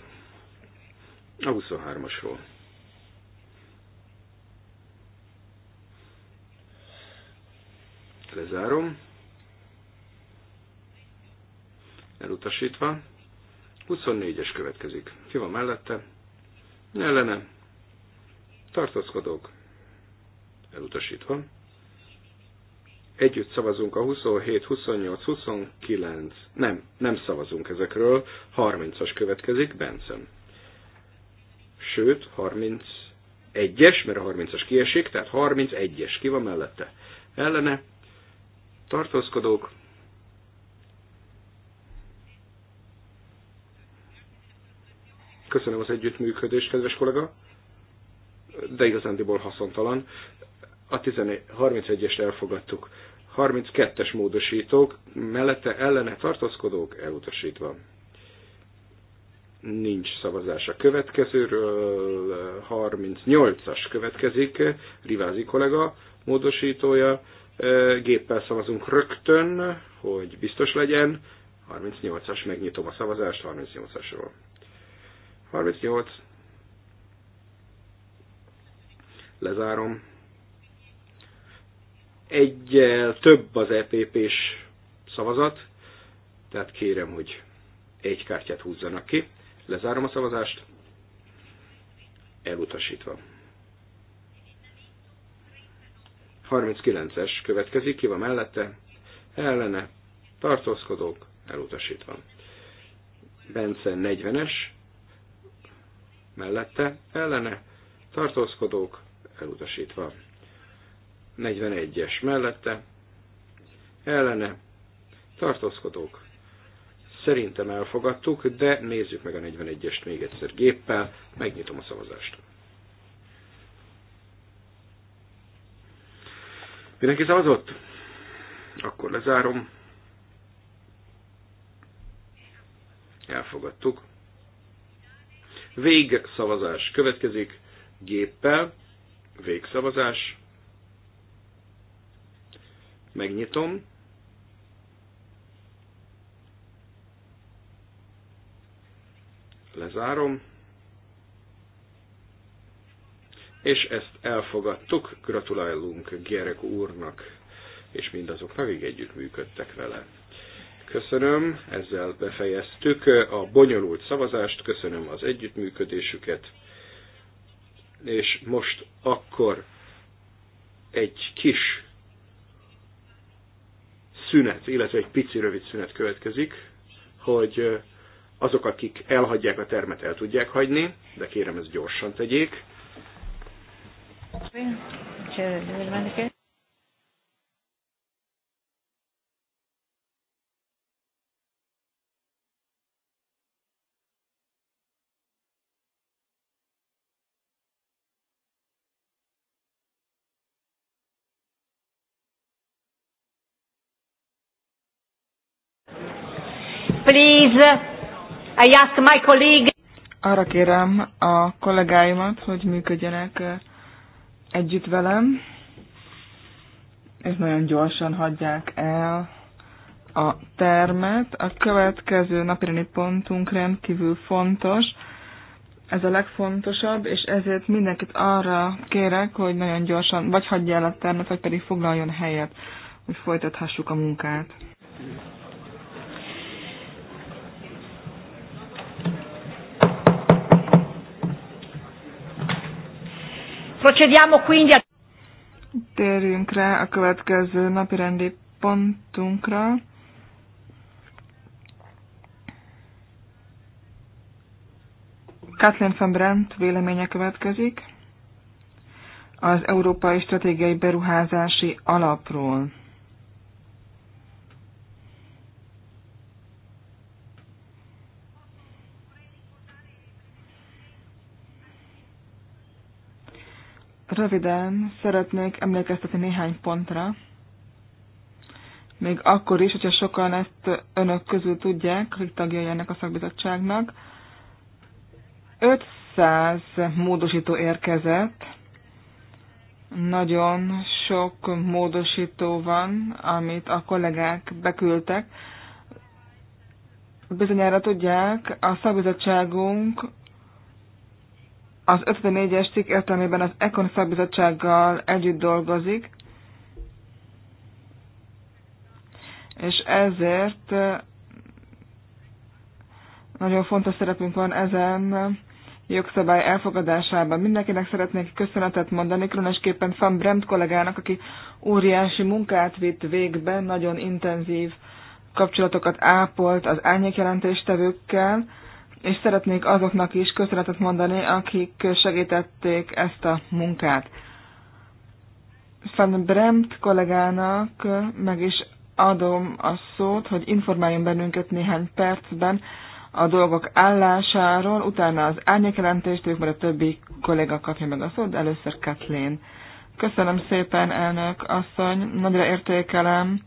A 23-asról. Lezárom elutasítva. 24-es következik. Ki van mellette? Ellene. Tartózkodók. Elutasítva. Együtt szavazunk a 27, 28, 29. Nem, nem szavazunk ezekről. 30-as következik. Benson. Sőt, 31-es, mert a 30-as kiesik, tehát 31-es. Ki van mellette? Ellene. Tartózkodók Köszönöm az együttműködést, kedves kollega, de igazándiból haszontalan. A 31-est elfogadtuk. 32-es módosítók, mellette ellene tartózkodók elutasítva. Nincs szavazás a következőről, 38-as következik, Rivázi kollega módosítója, géppel szavazunk rögtön, hogy biztos legyen, 38-as, megnyitom a szavazást 38-asról. 38. Lezárom. Egy több az EPP-s szavazat, tehát kérem, hogy egy kártyát húzzanak ki. Lezárom a szavazást. Elutasítva. 39-es következik, ki van mellette, ellene, tartózkodók, elutasítva. Bence 40-es, mellette ellene tartózkodók elutasítva. 41-es mellette ellene tartózkodók. Szerintem elfogadtuk, de nézzük meg a 41-est még egyszer géppel, megnyitom a szavazást. Mindenki szavazott? Akkor lezárom. Elfogadtuk. Végszavazás következik géppel. Végszavazás. Megnyitom. Lezárom. És ezt elfogadtuk. Gratulálunk Gyerek úrnak, és mindazok akik együttműködtek vele. Köszönöm, ezzel befejeztük a bonyolult szavazást, köszönöm az együttműködésüket, és most akkor egy kis szünet, illetve egy pici rövid szünet következik, hogy azok, akik elhagyják a termet, el tudják hagyni, de kérem, ezt gyorsan tegyék. Köszönöm. please, I ask my colleague. Arra kérem a kollégáimat, hogy működjenek eh, együtt velem, és nagyon gyorsan hagyják el a termet. A következő napirendi pontunk rendkívül fontos, ez a legfontosabb, és ezért mindenkit arra kérek, hogy nagyon gyorsan vagy hagyja el a termet, vagy pedig foglaljon helyet, hogy folytathassuk a munkát. Procediamo quindi a... Térjünk rá a következő napirendi pontunkra. Kathleen van Brandt véleménye következik az Európai Stratégiai Beruházási Alapról. Röviden szeretnék emlékeztetni néhány pontra. Még akkor is, hogyha sokan ezt önök közül tudják, akik tagjai ennek a szakbizottságnak. 500 módosító érkezett, nagyon sok módosító van, amit a kollégák beküldtek. Bizonyára tudják, a szakbizottságunk az 54-es cikk értelmében az Econ szakbizottsággal együtt dolgozik, és ezért nagyon fontos szerepünk van ezen jogszabály elfogadásában. Mindenkinek szeretnék köszönetet mondani, különösképpen Fan Bremt kollégának, aki óriási munkát vitt végbe, nagyon intenzív kapcsolatokat ápolt az árnyékjelentéstevőkkel, és szeretnék azoknak is köszönetet mondani, akik segítették ezt a munkát. Van Bremt kollégának meg is adom a szót, hogy informáljon bennünket néhány percben a dolgok állásáról, utána az árnyékelentést, ők majd a többi kolléga kapja meg a szót, de először Kathleen. Köszönöm szépen, elnök asszony, nagyra értékelem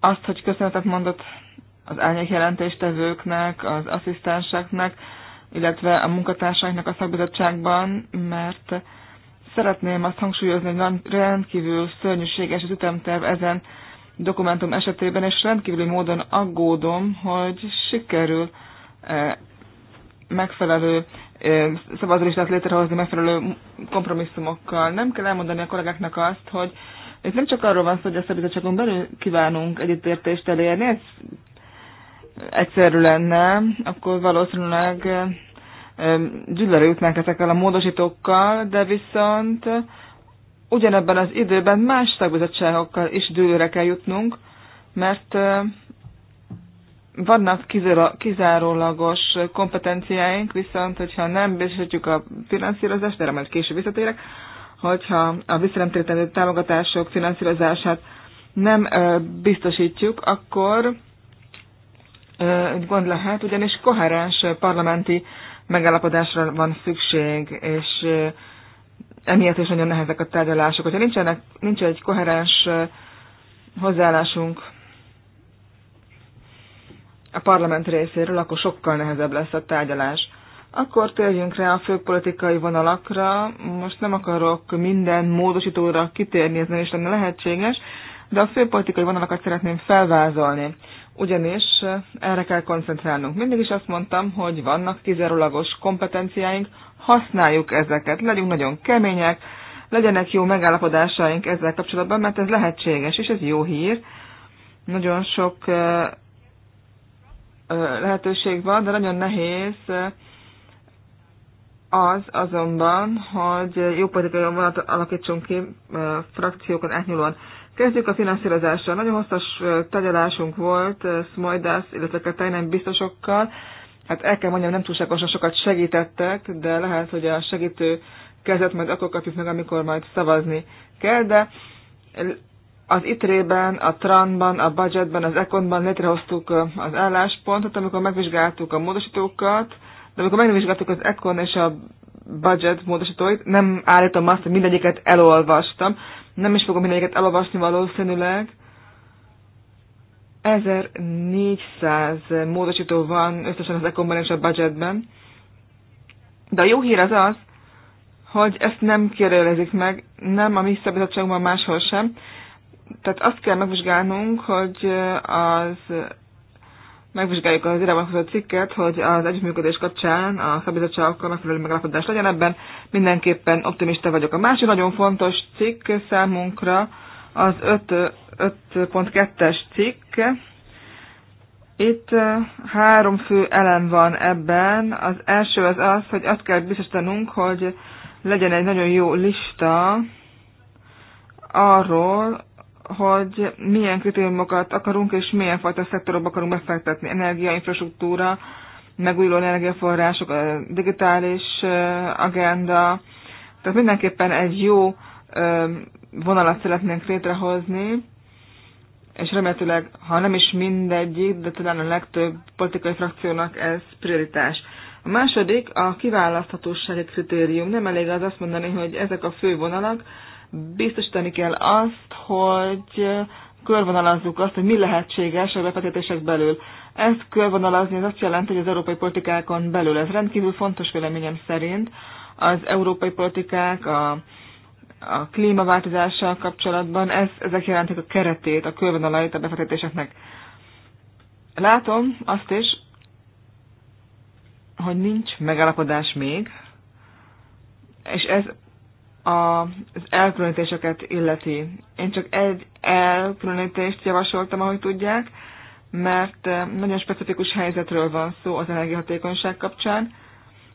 azt, hogy köszönetet mondott az árnyék jelentéstevőknek, az asszisztenseknek, illetve a munkatársaknak a szakbizottságban, mert szeretném azt hangsúlyozni, hogy rendkívül szörnyűséges az ütemterv ezen dokumentum esetében, és rendkívüli módon aggódom, hogy sikerül megfelelő szavazólistát létrehozni megfelelő kompromisszumokkal. Nem kell elmondani a kollégáknak azt, hogy itt nem csak arról van szó, hogy a szabadságon belül kívánunk együttértést elérni, ez egyszerű lenne, akkor valószínűleg gyűlölő jutnánk ezekkel a módosítókkal, de viszont ugyanebben az időben más szakbizottságokkal is dőlőre kell jutnunk, mert vannak kizárólagos kompetenciáink, viszont hogyha nem biztosítjuk a finanszírozást, erre majd később visszatérek, hogyha a visszanemtérítendő támogatások finanszírozását nem biztosítjuk, akkor egy gond lehet, ugyanis koherens parlamenti megállapodásra van szükség, és emiatt is nagyon nehezek a tárgyalások. Hogyha nincsenek, nincs egy koherens hozzáállásunk a parlament részéről, akkor sokkal nehezebb lesz a tárgyalás. Akkor térjünk rá a fő politikai vonalakra. Most nem akarok minden módosítóra kitérni, ez nem is lenne lehetséges, de a fő politikai vonalakat szeretném felvázolni ugyanis erre kell koncentrálnunk. Mindig is azt mondtam, hogy vannak kizárólagos kompetenciáink, használjuk ezeket, legyünk nagyon kemények, legyenek jó megállapodásaink ezzel kapcsolatban, mert ez lehetséges, és ez jó hír. Nagyon sok lehetőség van, de nagyon nehéz az azonban, hogy jó politikai vonalat alakítsunk ki frakciókon átnyúlóan. Kezdjük a finanszírozással. Nagyon hosszas tagyalásunk volt Smajdász, illetve Katainen biztosokkal. Hát el kell mondjam, nem túlságosan sokat segítettek, de lehet, hogy a segítő kezet majd akkor kapjuk meg, amikor majd szavazni kell, de az ITRE-ben, a TRAN-ban, a budgetben, az ECON-ban létrehoztuk az álláspontot, amikor megvizsgáltuk a módosítókat, de amikor megvizsgáltuk az ECON és a budget módosítóit, nem állítom azt, hogy mindegyiket elolvastam, nem is fogom mindegyiket elolvasni valószínűleg. 1400 módosító van összesen az ekonban és a budgetben. De a jó hír az az, hogy ezt nem kérdezik meg, nem a mi szabadságunkban máshol sem. Tehát azt kell megvizsgálnunk, hogy az megvizsgáljuk az irányba cikket, hogy az együttműködés kapcsán a szabizottságokkal megfelelő megállapodás legyen ebben. Mindenképpen optimista vagyok. A másik nagyon fontos cikk számunkra az 5.2-es cikk. Itt három fő elem van ebben. Az első az az, hogy azt kell biztosítanunk, hogy legyen egy nagyon jó lista arról, hogy milyen kritériumokat akarunk, és milyen fajta szektorokba akarunk befektetni. Energia, infrastruktúra, megújuló energiaforrások, digitális agenda. Tehát mindenképpen egy jó vonalat szeretnénk létrehozni, és remélhetőleg, ha nem is mindegyik, de talán a legtöbb politikai frakciónak ez prioritás. A második a kiválaszthatósági kritérium. Nem elég az azt mondani, hogy ezek a fő vonalak, Biztosítani kell azt, hogy körvonalazzuk azt, hogy mi lehetséges a befektetések belül. Ezt körvonalazni az azt jelenti, hogy az európai politikákon belül ez rendkívül fontos véleményem szerint. Az európai politikák a, a klímaváltozással kapcsolatban, ez, ezek jelentik a keretét, a körvonalait a befektetéseknek. Látom azt is, hogy nincs megállapodás még, és ez az elkülönítéseket illeti. Én csak egy elkülönítést javasoltam, ahogy tudják, mert nagyon specifikus helyzetről van szó az energiahatékonyság kapcsán.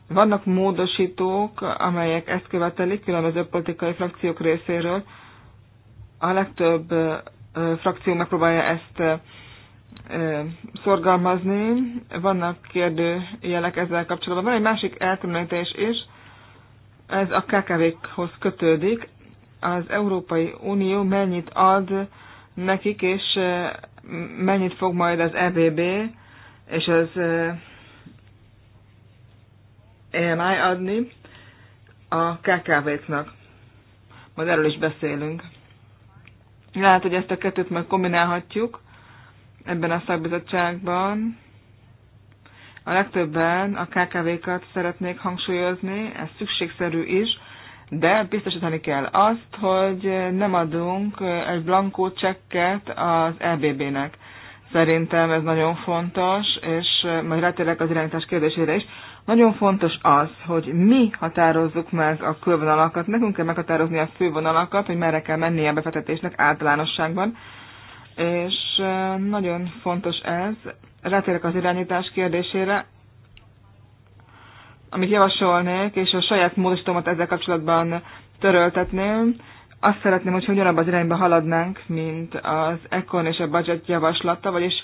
Vannak módosítók, amelyek ezt követelik különböző politikai frakciók részéről. A legtöbb frakció megpróbálja ezt szorgalmazni. Vannak kérdőjelek ezzel kapcsolatban. Van egy másik elkülönítés is, ez a KKV-khoz kötődik. Az Európai Unió mennyit ad nekik, és mennyit fog majd az EBB és az EMI adni a KKV-knak. Majd erről is beszélünk. Lehet, hogy ezt a kettőt majd kombinálhatjuk ebben a szakbizottságban, a legtöbben a KKV-kat szeretnék hangsúlyozni, ez szükségszerű is, de biztosítani kell azt, hogy nem adunk egy blankó csekket az EBB-nek. Szerintem ez nagyon fontos, és majd rátérek az irányítás kérdésére is. Nagyon fontos az, hogy mi határozzuk meg a körvonalakat, nekünk kell meghatározni a fővonalakat, hogy merre kell mennie a befektetésnek általánosságban, és nagyon fontos ez, Retérek az irányítás kérdésére, amit javasolnék, és a saját módosítomat ezzel kapcsolatban töröltetném, azt szeretném, hogy ugyanabban az irányba haladnánk, mint az ECON és a budget javaslata, vagyis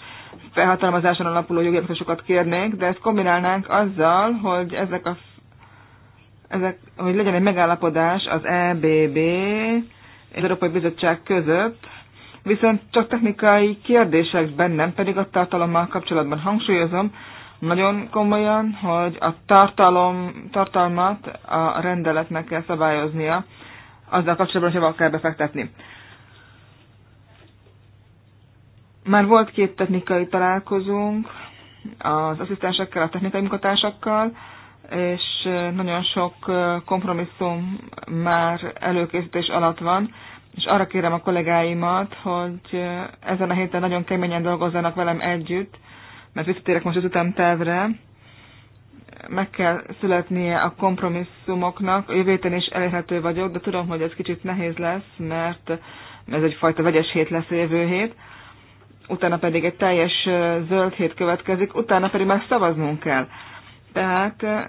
felhatalmazáson alapuló jogjelentősokat kérnék, de ezt kombinálnánk azzal, hogy ezek a ezek, hogy legyen egy megállapodás az EBB és az Európai Bizottság között, viszont csak technikai kérdésekben, nem pedig a tartalommal kapcsolatban hangsúlyozom, nagyon komolyan, hogy a tartalom, tartalmat a rendeletnek kell szabályoznia, azzal kapcsolatban, hogy kell befektetni. Már volt két technikai találkozunk, az asszisztensekkel, a technikai munkatársakkal, és nagyon sok eh, kompromisszum már előkészítés alatt van, és arra kérem a kollégáimat, hogy ezen a héten nagyon keményen dolgozzanak velem együtt, mert visszatérek most az ütemtervre, meg kell születnie a kompromisszumoknak. Jövő héten is elérhető vagyok, de tudom, hogy ez kicsit nehéz lesz, mert ez egyfajta vegyes hét lesz a jövő hét. Utána pedig egy teljes zöld hét következik, utána pedig már szavaznunk kell. Tehát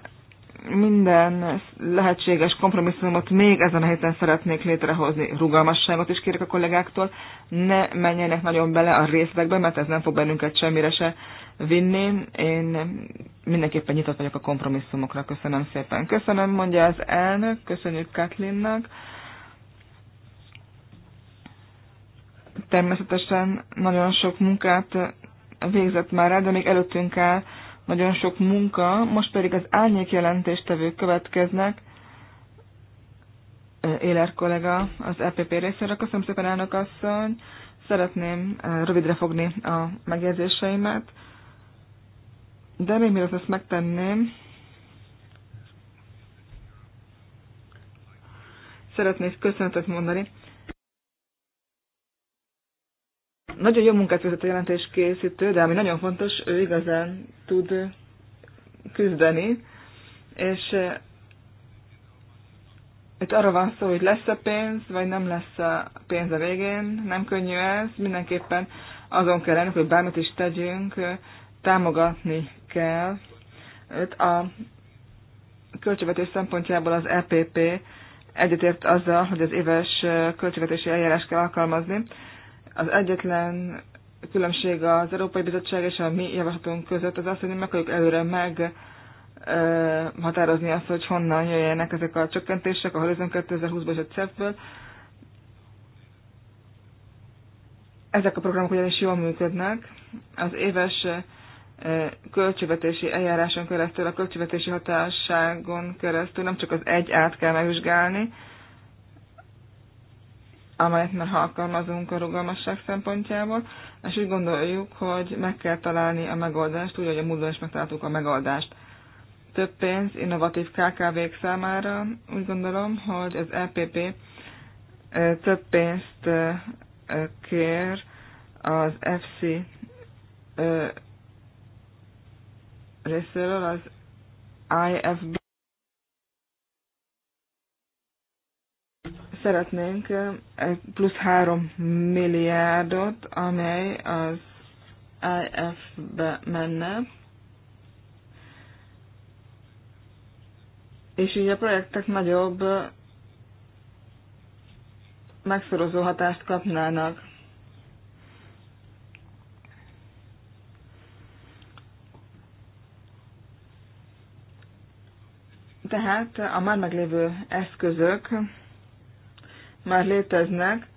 minden lehetséges kompromisszumot még ezen a héten szeretnék létrehozni. Rugalmasságot is kérek a kollégáktól, ne menjenek nagyon bele a részlegbe, mert ez nem fog bennünket semmire se vinni. Én mindenképpen nyitott vagyok a kompromisszumokra. Köszönöm szépen. Köszönöm, mondja az elnök, köszönjük Katlinnak. Természetesen nagyon sok munkát végzett már el, de még előttünk áll el nagyon sok munka, most pedig az árnyék jelentéstevők következnek. Éler kollega az EPP részéről. Köszönöm szépen, elnök asszony. Szeretném rövidre fogni a megjegyzéseimet, de még mielőtt ezt megtenném, szeretnék köszönetet mondani Nagyon jó munkát végzett a jelentés készítő, de ami nagyon fontos, ő igazán tud küzdeni, és itt arra van szó, hogy lesz a pénz, vagy nem lesz a pénz a végén, nem könnyű ez, mindenképpen azon kell lennünk, hogy bármit is tegyünk, támogatni kell. Itt a költségvetés szempontjából az EPP egyetért azzal, hogy az éves költségvetési eljárás kell alkalmazni, az egyetlen különbség az Európai Bizottság és a mi javaslatunk között az az, hogy meg akarjuk előre meg határozni azt, hogy honnan jöjjenek ezek a csökkentések a Horizon 2020-ban és a CEF-ből. Ezek a programok ugyanis jól működnek. Az éves költségvetési eljáráson keresztül, a költségvetési hatásságon keresztül nem csak az egy át kell megvizsgálni, amelyet már alkalmazunk a rugalmasság szempontjából, és úgy gondoljuk, hogy meg kell találni a megoldást, úgy, hogy a múltban is megtaláltuk a megoldást. Több pénz innovatív KKV-k számára, úgy gondolom, hogy az EPP több pénzt kér az FC részéről, az IFB szeretnénk egy plusz 3 milliárdot, amely az IF-be menne, és így a projektek nagyobb megszorozó hatást kapnának. Tehát a már meglévő eszközök már léteznek.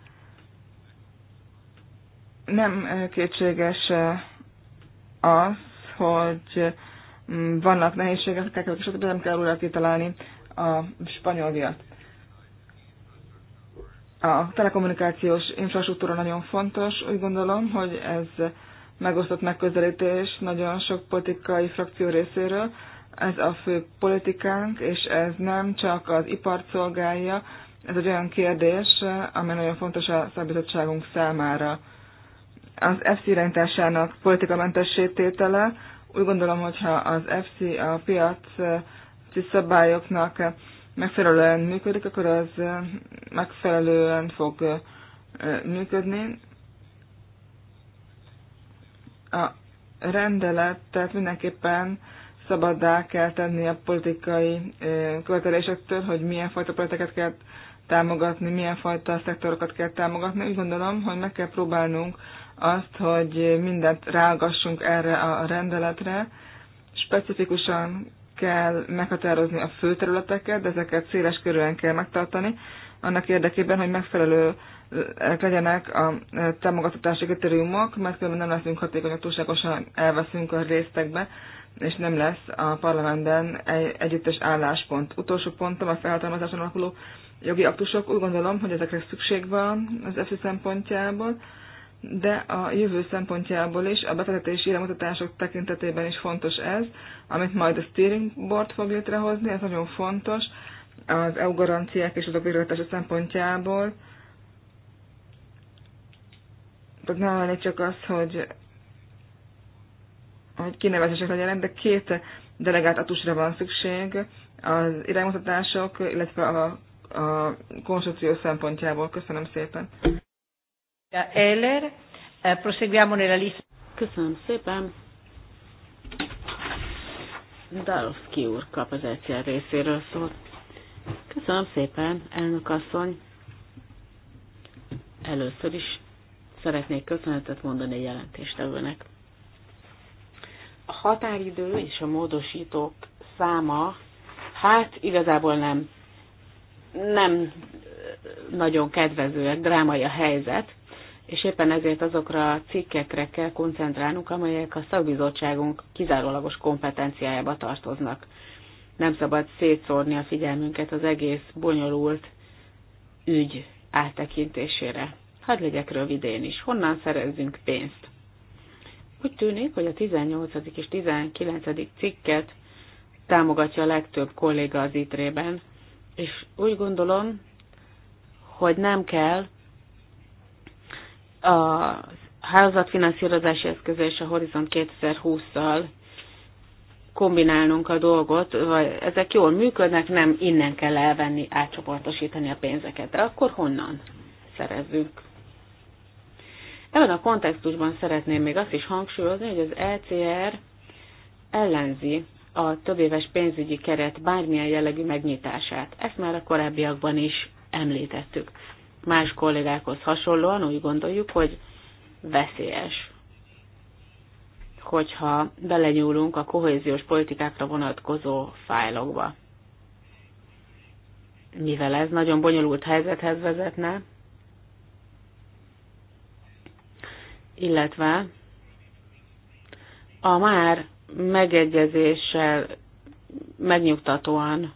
Nem kétséges az, hogy mm, vannak nehézségek, és akkor nem kell újra kitalálni a spanyol viat. A telekommunikációs infrastruktúra nagyon fontos. Úgy gondolom, hogy ez megosztott megközelítés nagyon sok politikai frakció részéről. Ez a fő politikánk, és ez nem csak az ipart szolgálja, ez egy olyan kérdés, amely nagyon fontos a szabizottságunk számára. Az FC irányításának politikamentessé tétele, úgy gondolom, hogyha az FC a piac szabályoknak megfelelően működik, akkor az megfelelően fog működni. A rendeletet mindenképpen szabaddá kell tenni a politikai követelésektől, hogy milyen fajta politikát kell támogatni, milyen fajta szektorokat kell támogatni. Úgy gondolom, hogy meg kell próbálnunk azt, hogy mindent rágassunk erre a rendeletre. Specifikusan kell meghatározni a főterületeket, de ezeket széles körülön kell megtartani, annak érdekében, hogy megfelelő eh, legyenek a eh, támogatási kritériumok, mert különben nem leszünk hatékonyak, túlságosan elveszünk a résztekbe, és nem lesz a parlamentben egy együttes álláspont. Utolsó pontom a felhatalmazáson alakuló jogi aktusok. Úgy gondolom, hogy ezekre szükség van az EFSZ szempontjából, de a jövő szempontjából is, a befektetési iránymutatások tekintetében is fontos ez, amit majd a steering board fog létrehozni, ez nagyon fontos az EU garanciák és azok végrehajtása szempontjából. Tehát nem elég csak az, hogy, hogy kinevezések legyenek, de két delegált atusra van szükség, az iránymutatások, illetve a a konstrukció szempontjából. Köszönöm szépen. Eller, eh, proseguiamo nella lista. Köszönöm szépen. Dalovszki úr kap az egyszer részéről szót. Köszönöm szépen, elnök asszony. Először is szeretnék köszönetet mondani a jelentéstevőnek. A határidő és a módosítók száma, hát igazából nem nem nagyon kedvezőek, drámai a helyzet, és éppen ezért azokra a cikkekre kell koncentrálnunk, amelyek a szakbizottságunk kizárólagos kompetenciájába tartoznak. Nem szabad szétszórni a figyelmünket az egész bonyolult ügy áttekintésére. Hadd legyek rövidén is. Honnan szerezzünk pénzt? Úgy tűnik, hogy a 18. és 19. cikket támogatja a legtöbb kolléga az ITRE-ben, és úgy gondolom, hogy nem kell a hálózatfinanszírozási eszköze és a Horizon 2020-szal kombinálnunk a dolgot, vagy ezek jól működnek, nem innen kell elvenni, átcsoportosítani a pénzeket. De akkor honnan szerezzük? Ebben a kontextusban szeretném még azt is hangsúlyozni, hogy az ECR ellenzi a többéves pénzügyi keret bármilyen jellegű megnyitását. Ezt már a korábbiakban is említettük. Más kollégákhoz hasonlóan úgy gondoljuk, hogy veszélyes, hogyha belenyúlunk a kohéziós politikákra vonatkozó fájlokba. Mivel ez nagyon bonyolult helyzethez vezetne, illetve a már megegyezéssel megnyugtatóan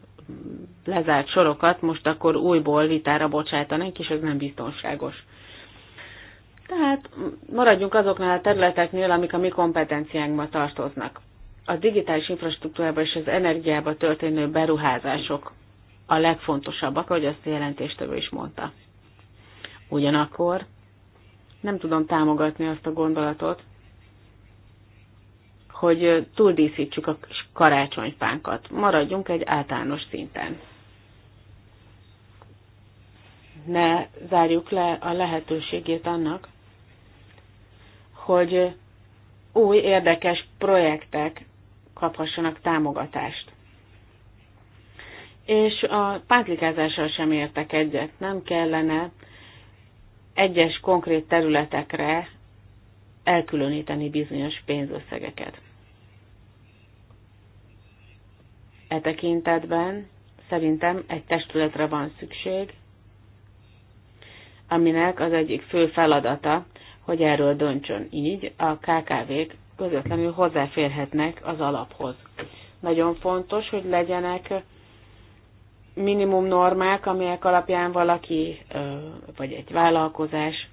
lezárt sorokat most akkor újból vitára bocsájtanánk, és ez nem biztonságos. Tehát maradjunk azoknál a területeknél, amik a mi kompetenciánkba tartoznak. A digitális infrastruktúrába és az energiába történő beruházások a legfontosabbak, ahogy azt a jelentéstevő is mondta. Ugyanakkor nem tudom támogatni azt a gondolatot, hogy túldíszítsük a karácsonyfánkat. Maradjunk egy általános szinten. Ne zárjuk le a lehetőségét annak, hogy új érdekes projektek kaphassanak támogatást. És a pántlikázással sem értek egyet. Nem kellene egyes konkrét területekre elkülöníteni bizonyos pénzösszegeket. E tekintetben szerintem egy testületre van szükség, aminek az egyik fő feladata, hogy erről döntsön. Így a KKV-k közvetlenül hozzáférhetnek az alaphoz. Nagyon fontos, hogy legyenek minimum normák, amelyek alapján valaki, vagy egy vállalkozás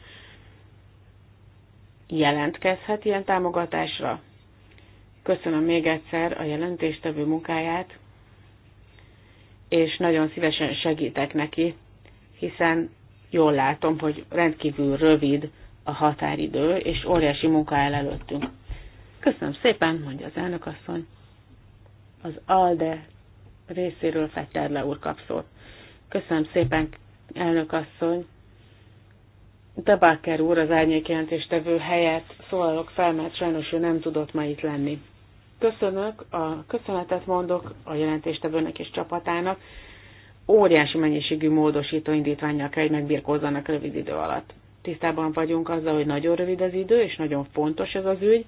jelentkezhet ilyen támogatásra. Köszönöm még egyszer a jelentéstevő munkáját, és nagyon szívesen segítek neki, hiszen jól látom, hogy rendkívül rövid a határidő, és óriási munka el előttünk. Köszönöm szépen, mondja az elnökasszony. Az ALDE részéről Fetterle úr kap Köszönöm szépen, elnökasszony. Debáker úr az tevő helyett szólalok fel, mert sajnos ő nem tudott ma itt lenni. Köszönök, a köszönetet mondok a jelentéstevőnek és csapatának. Óriási mennyiségű módosító indítványjal kell, hogy megbirkózzanak rövid idő alatt. Tisztában vagyunk azzal, hogy nagyon rövid az idő, és nagyon fontos ez az ügy,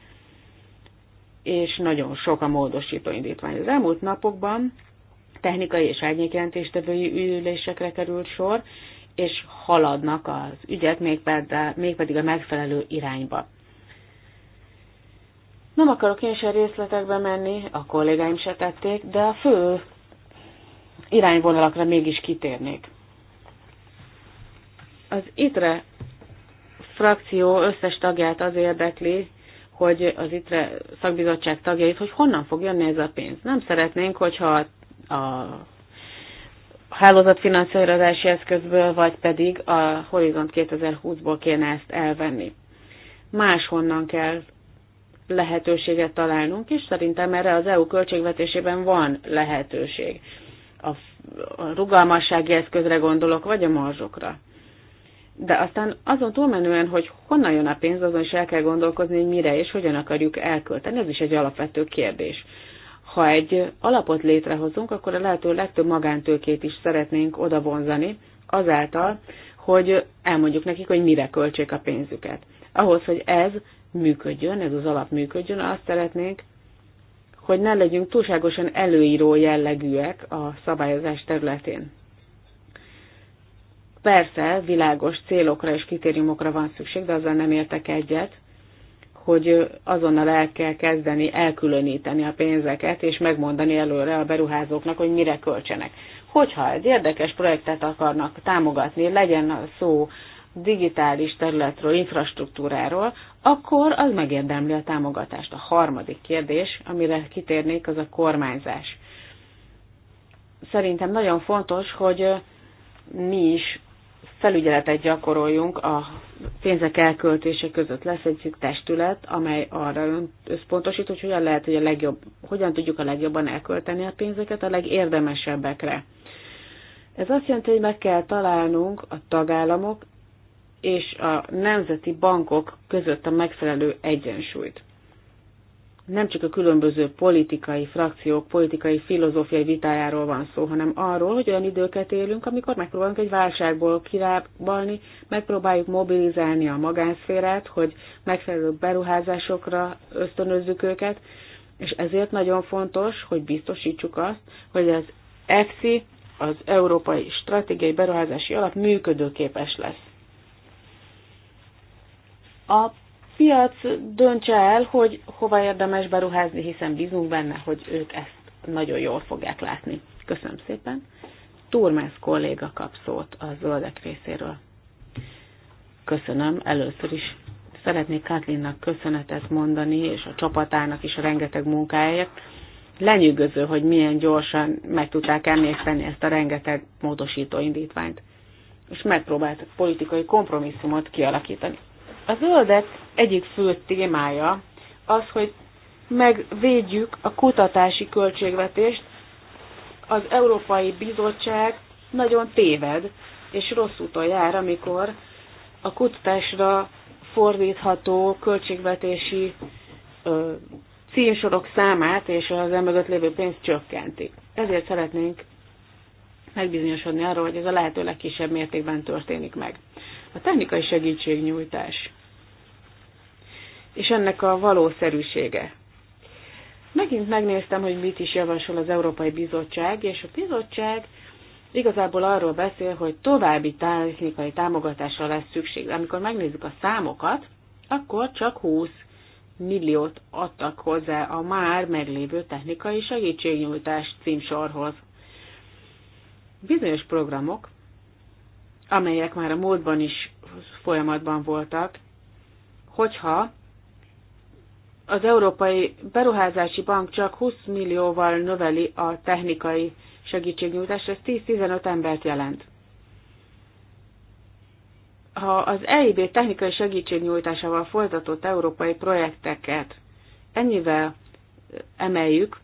és nagyon sok a módosító indítvány. Az elmúlt napokban technikai és árnyékjelentéstevői ülésekre került sor, és haladnak az ügyek mégpedig a megfelelő irányba. Nem akarok én sem részletekbe menni, a kollégáim se tették, de a fő irányvonalakra mégis kitérnék. Az ITRE frakció összes tagját az érdekli, hogy az ITRE szakbizottság tagjait, hogy honnan fog jönni ez a pénz. Nem szeretnénk, hogyha a hálózatfinanszírozási eszközből, vagy pedig a Horizont 2020-ból kéne ezt elvenni. Máshonnan kell lehetőséget találnunk, és szerintem erre az EU költségvetésében van lehetőség. A, rugalmassági eszközre gondolok, vagy a marzsokra. De aztán azon túlmenően, hogy honnan jön a pénz, azon is el kell gondolkozni, hogy mire és hogyan akarjuk elkölteni. Ez is egy alapvető kérdés. Ha egy alapot létrehozunk, akkor a lehető legtöbb magántőkét is szeretnénk odavonzani, azáltal, hogy elmondjuk nekik, hogy mire költsék a pénzüket. Ahhoz, hogy ez működjön, ez az alap működjön, azt szeretnénk, hogy ne legyünk túlságosan előíró jellegűek a szabályozás területén. Persze, világos célokra és kritériumokra van szükség, de azzal nem értek egyet, hogy azonnal el kell kezdeni elkülöníteni a pénzeket, és megmondani előre a beruházóknak, hogy mire költsenek. Hogyha egy érdekes projektet akarnak támogatni, legyen szó digitális területről, infrastruktúráról, akkor az megérdemli a támogatást. A harmadik kérdés, amire kitérnék, az a kormányzás. Szerintem nagyon fontos, hogy mi is felügyeletet gyakoroljunk a pénzek elköltése között. Lesz egy testület, amely arra összpontosít, hogy hogyan lehet, hogy a legjobb, hogyan tudjuk a legjobban elkölteni a pénzeket a legérdemesebbekre. Ez azt jelenti, hogy meg kell találnunk a tagállamok és a nemzeti bankok között a megfelelő egyensúlyt nem csak a különböző politikai frakciók, politikai filozófiai vitájáról van szó, hanem arról, hogy olyan időket élünk, amikor megpróbálunk egy válságból kirábalni, megpróbáljuk mobilizálni a magánszférát, hogy megfelelő beruházásokra ösztönözzük őket, és ezért nagyon fontos, hogy biztosítsuk azt, hogy az EFSI, az Európai Stratégiai Beruházási Alap működőképes lesz. A piac döntse el, hogy hova érdemes beruházni, hiszen bízunk benne, hogy ők ezt nagyon jól fogják látni. Köszönöm szépen. Turmes kolléga kap szót a zöldek részéről. Köszönöm először is. Szeretnék Katlinnak köszönetet mondani, és a csapatának is a rengeteg munkáért. Lenyűgöző, hogy milyen gyorsan meg tudták emészteni ezt a rengeteg módosító indítványt, és megpróbáltak politikai kompromisszumot kialakítani. A zöldet egyik fő témája az, hogy megvédjük a kutatási költségvetést. Az Európai Bizottság nagyon téved, és rossz úton jár, amikor a kutatásra fordítható költségvetési ö, címsorok számát és az emögött lévő pénzt csökkentik. Ezért szeretnénk megbizonyosodni arról, hogy ez a lehető legkisebb mértékben történik meg a technikai segítségnyújtás és ennek a valószerűsége. Megint megnéztem, hogy mit is javasol az Európai Bizottság, és a bizottság igazából arról beszél, hogy további technikai támogatásra lesz szükség. De amikor megnézzük a számokat, akkor csak 20 milliót adtak hozzá a már meglévő technikai segítségnyújtás címsorhoz. Bizonyos programok amelyek már a módban is folyamatban voltak, hogyha az Európai Beruházási Bank csak 20 millióval növeli a technikai segítségnyújtást, ez 10-15 embert jelent. Ha az EIB technikai segítségnyújtásával folytatott európai projekteket ennyivel emeljük,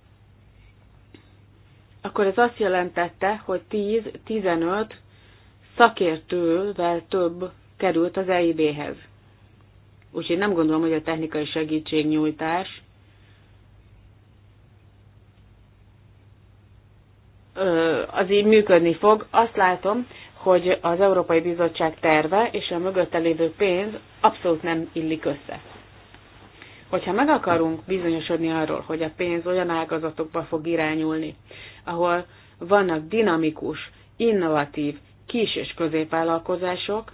akkor ez azt jelentette, hogy 10-15 szakértővel több került az EIB-hez. Úgyhogy nem gondolom, hogy a technikai segítségnyújtás az így működni fog. Azt látom, hogy az Európai Bizottság terve és a mögötte lévő pénz abszolút nem illik össze. Hogyha meg akarunk bizonyosodni arról, hogy a pénz olyan ágazatokba fog irányulni, ahol vannak dinamikus, innovatív kis és középvállalkozások,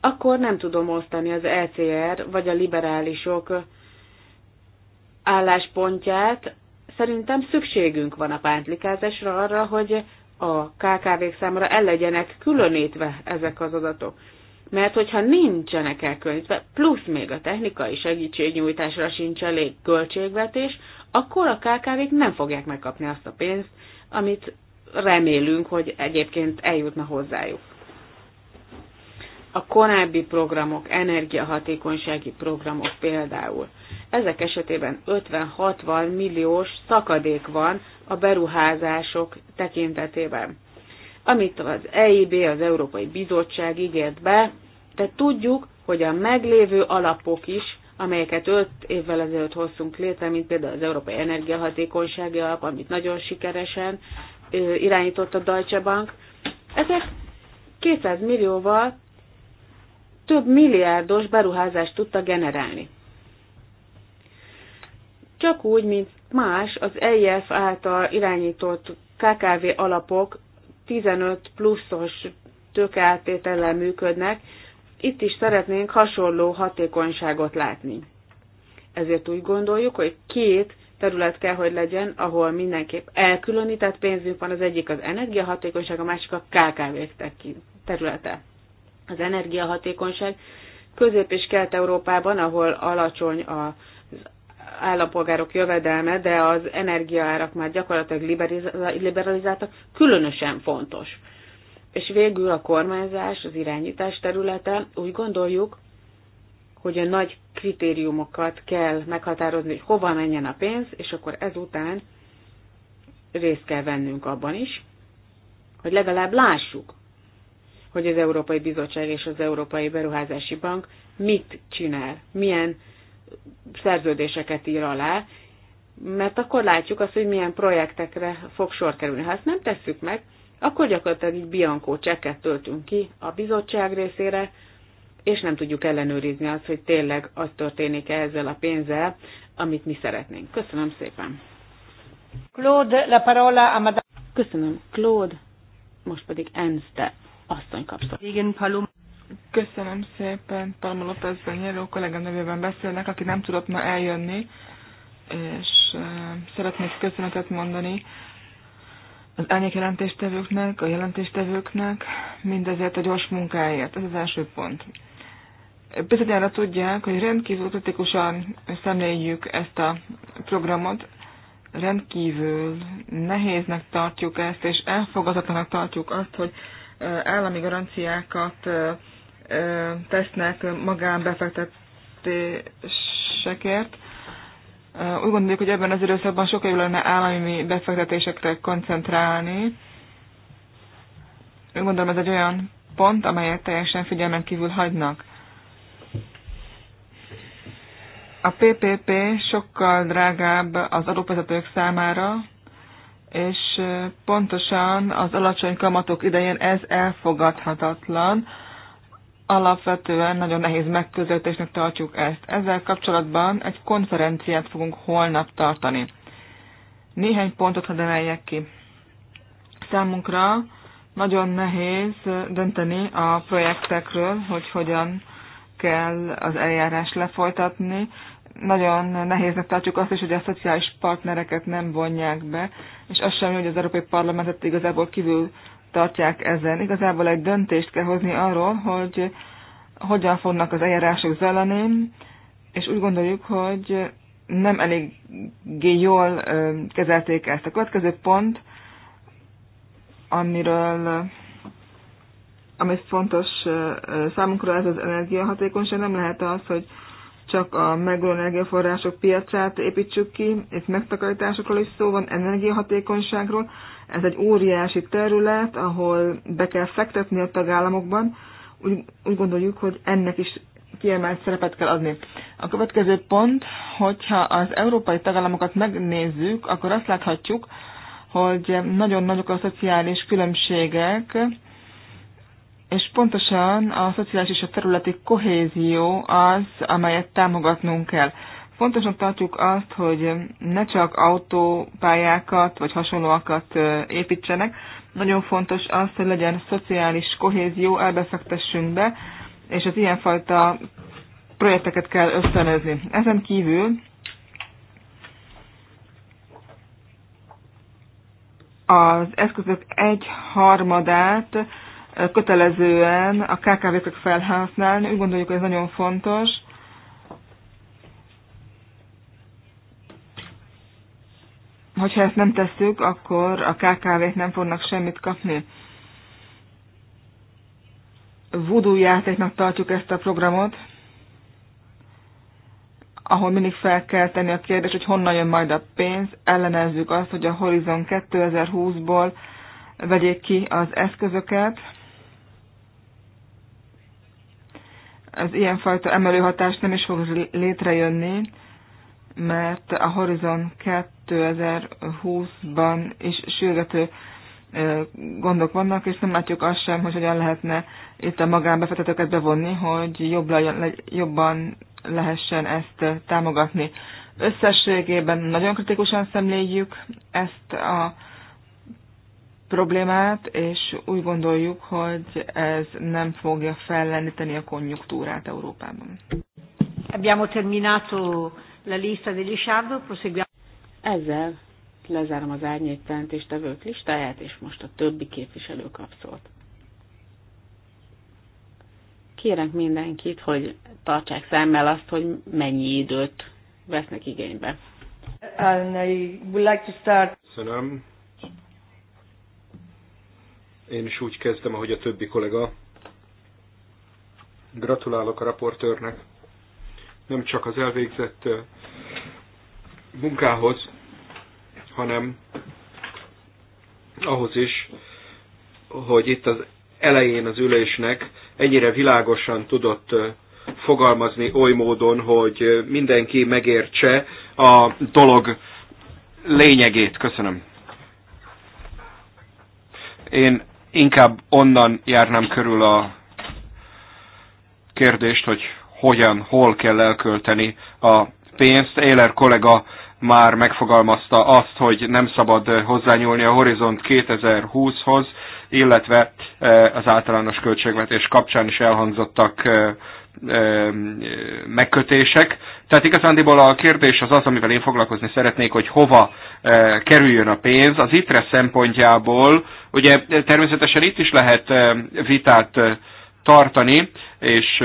akkor nem tudom osztani az ECR vagy a liberálisok álláspontját. Szerintem szükségünk van a pántlikázásra arra, hogy a KKV-k számára el legyenek különítve ezek az adatok. Mert hogyha nincsenek elkülönítve, plusz még a technikai segítségnyújtásra sincs elég költségvetés, akkor a KKV-k nem fogják megkapni azt a pénzt, amit remélünk, hogy egyébként eljutna hozzájuk. A korábbi programok, energiahatékonysági programok például. Ezek esetében 50-60 milliós szakadék van a beruházások tekintetében. Amit az EIB, az Európai Bizottság ígért be, de tudjuk, hogy a meglévő alapok is, amelyeket 5 évvel ezelőtt hoztunk létre, mint például az Európai Energiahatékonysági Alap, amit nagyon sikeresen irányított a Deutsche Bank, ezek 200 millióval több milliárdos beruházást tudta generálni. Csak úgy, mint más az EIF által irányított KKV alapok 15 pluszos tőkeáttétellel működnek, itt is szeretnénk hasonló hatékonyságot látni. Ezért úgy gondoljuk, hogy két terület kell, hogy legyen, ahol mindenképp elkülönített pénzünk van, az egyik az energiahatékonyság, a másik a KKV területe. Az energiahatékonyság Közép- és Kelet-Európában, ahol alacsony az állampolgárok jövedelme, de az energiaárak már gyakorlatilag liberalizáltak, különösen fontos. És végül a kormányzás, az irányítás területe, úgy gondoljuk, hogy a nagy kritériumokat kell meghatározni, hogy hova menjen a pénz, és akkor ezután részt kell vennünk abban is, hogy legalább lássuk, hogy az Európai Bizottság és az Európai Beruházási Bank mit csinál, milyen szerződéseket ír alá, mert akkor látjuk azt, hogy milyen projektekre fog sor kerülni. Ha ezt nem tesszük meg, akkor gyakorlatilag így biankó csekket töltünk ki a bizottság részére, és nem tudjuk ellenőrizni azt, hogy tényleg az történik -e ezzel a pénzzel, amit mi szeretnénk. Köszönöm szépen. Claude, la parola a madame. Köszönöm, Claude. Most pedig Enste asszony kapszol. Igen, Palum. Köszönöm szépen, Palma López Benyeló kollégám nevében beszélnek, aki nem tudott ma eljönni, és szeretnék köszönetet mondani az elnyék jelentéstevőknek, a jelentéstevőknek, mindezért a gyors munkáért. Ez az első pont bizonyára tudják, hogy rendkívül kritikusan szemléljük ezt a programot, rendkívül nehéznek tartjuk ezt, és elfogadatlanak tartjuk azt, hogy állami garanciákat tesznek magánbefektetésekért. Úgy gondoljuk, hogy ebben az időszakban sokkal jobb lenne állami befektetésekre koncentrálni. Úgy gondolom, ez egy olyan pont, amelyet teljesen figyelmen kívül hagynak. A PPP sokkal drágább az adóvezetők számára, és pontosan az alacsony kamatok idején ez elfogadhatatlan. Alapvetően nagyon nehéz megközelítésnek tartjuk ezt. Ezzel kapcsolatban egy konferenciát fogunk holnap tartani. Néhány pontot hadd emeljek ki. Számunkra nagyon nehéz dönteni a projektekről, hogy hogyan kell az eljárás lefolytatni. Nagyon nehéznek tartjuk azt is, hogy a szociális partnereket nem vonják be, és azt sem, hogy az Európai Parlamentet igazából kívül tartják ezen. Igazából egy döntést kell hozni arról, hogy hogyan fognak az eljárások zajlani, és úgy gondoljuk, hogy nem eléggé jól kezelték ezt. A következő pont, amiről ami fontos számunkra, ez az energiahatékonyság. Nem lehet az, hogy csak a megújuló energiaforrások piacát építsük ki, itt megtakarításokról is szó van, energiahatékonyságról. Ez egy óriási terület, ahol be kell fektetni a tagállamokban. Úgy, úgy gondoljuk, hogy ennek is kiemelt szerepet kell adni. A következő pont, hogyha az európai tagállamokat megnézzük, akkor azt láthatjuk, hogy nagyon nagyok a szociális különbségek, és pontosan a szociális és a területi kohézió az, amelyet támogatnunk kell. Fontosnak tartjuk azt, hogy ne csak autópályákat vagy hasonlóakat építsenek. Nagyon fontos az, hogy legyen szociális kohézió, elbeszaktessünk be, és az ilyenfajta projekteket kell ösztönözni. Ezen kívül az eszközök egy harmadát kötelezően a KKV-kat felhasználni. Úgy gondoljuk, hogy ez nagyon fontos. Hogyha ezt nem tesszük, akkor a KKV-k nem fognak semmit kapni. Voodoo játéknak tartjuk ezt a programot, ahol mindig fel kell tenni a kérdést, hogy honnan jön majd a pénz, ellenezzük azt, hogy a Horizon 2020-ból vegyék ki az eszközöket, az ilyenfajta emelő hatás nem is fog létrejönni, mert a Horizon 2020-ban is sürgető gondok vannak, és nem látjuk azt sem, hogy hogyan lehetne itt a magánbefektetőket bevonni, hogy jobban lehessen ezt támogatni. Összességében nagyon kritikusan szemléljük ezt a problémát, és úgy gondoljuk, hogy ez nem fogja felleníteni a konjunktúrát Európában. Abbiamo terminato la lista degli Lisardo, proseguiamo. Ezzel lezárom az árnyékpánt és tevők listáját, és most a többi képviselő kap szót. Kérek mindenkit, hogy tartsák szemmel azt, hogy mennyi időt vesznek igénybe. And I would like to start. Köszönöm. Én is úgy kezdem, ahogy a többi kollega. Gratulálok a raportőrnek. Nem csak az elvégzett munkához, hanem ahhoz is, hogy itt az elején az ülésnek ennyire világosan tudott fogalmazni oly módon, hogy mindenki megértse a dolog lényegét. Köszönöm. Én inkább onnan járnám körül a kérdést, hogy hogyan, hol kell elkölteni a pénzt. Éler kollega már megfogalmazta azt, hogy nem szabad eh, hozzányúlni a Horizont 2020-hoz, illetve eh, az általános költségvetés kapcsán is elhangzottak eh, megkötések. Tehát igazándiból a kérdés az az, amivel én foglalkozni szeretnék, hogy hova kerüljön a pénz. Az ITRE szempontjából, ugye természetesen itt is lehet vitát tartani, és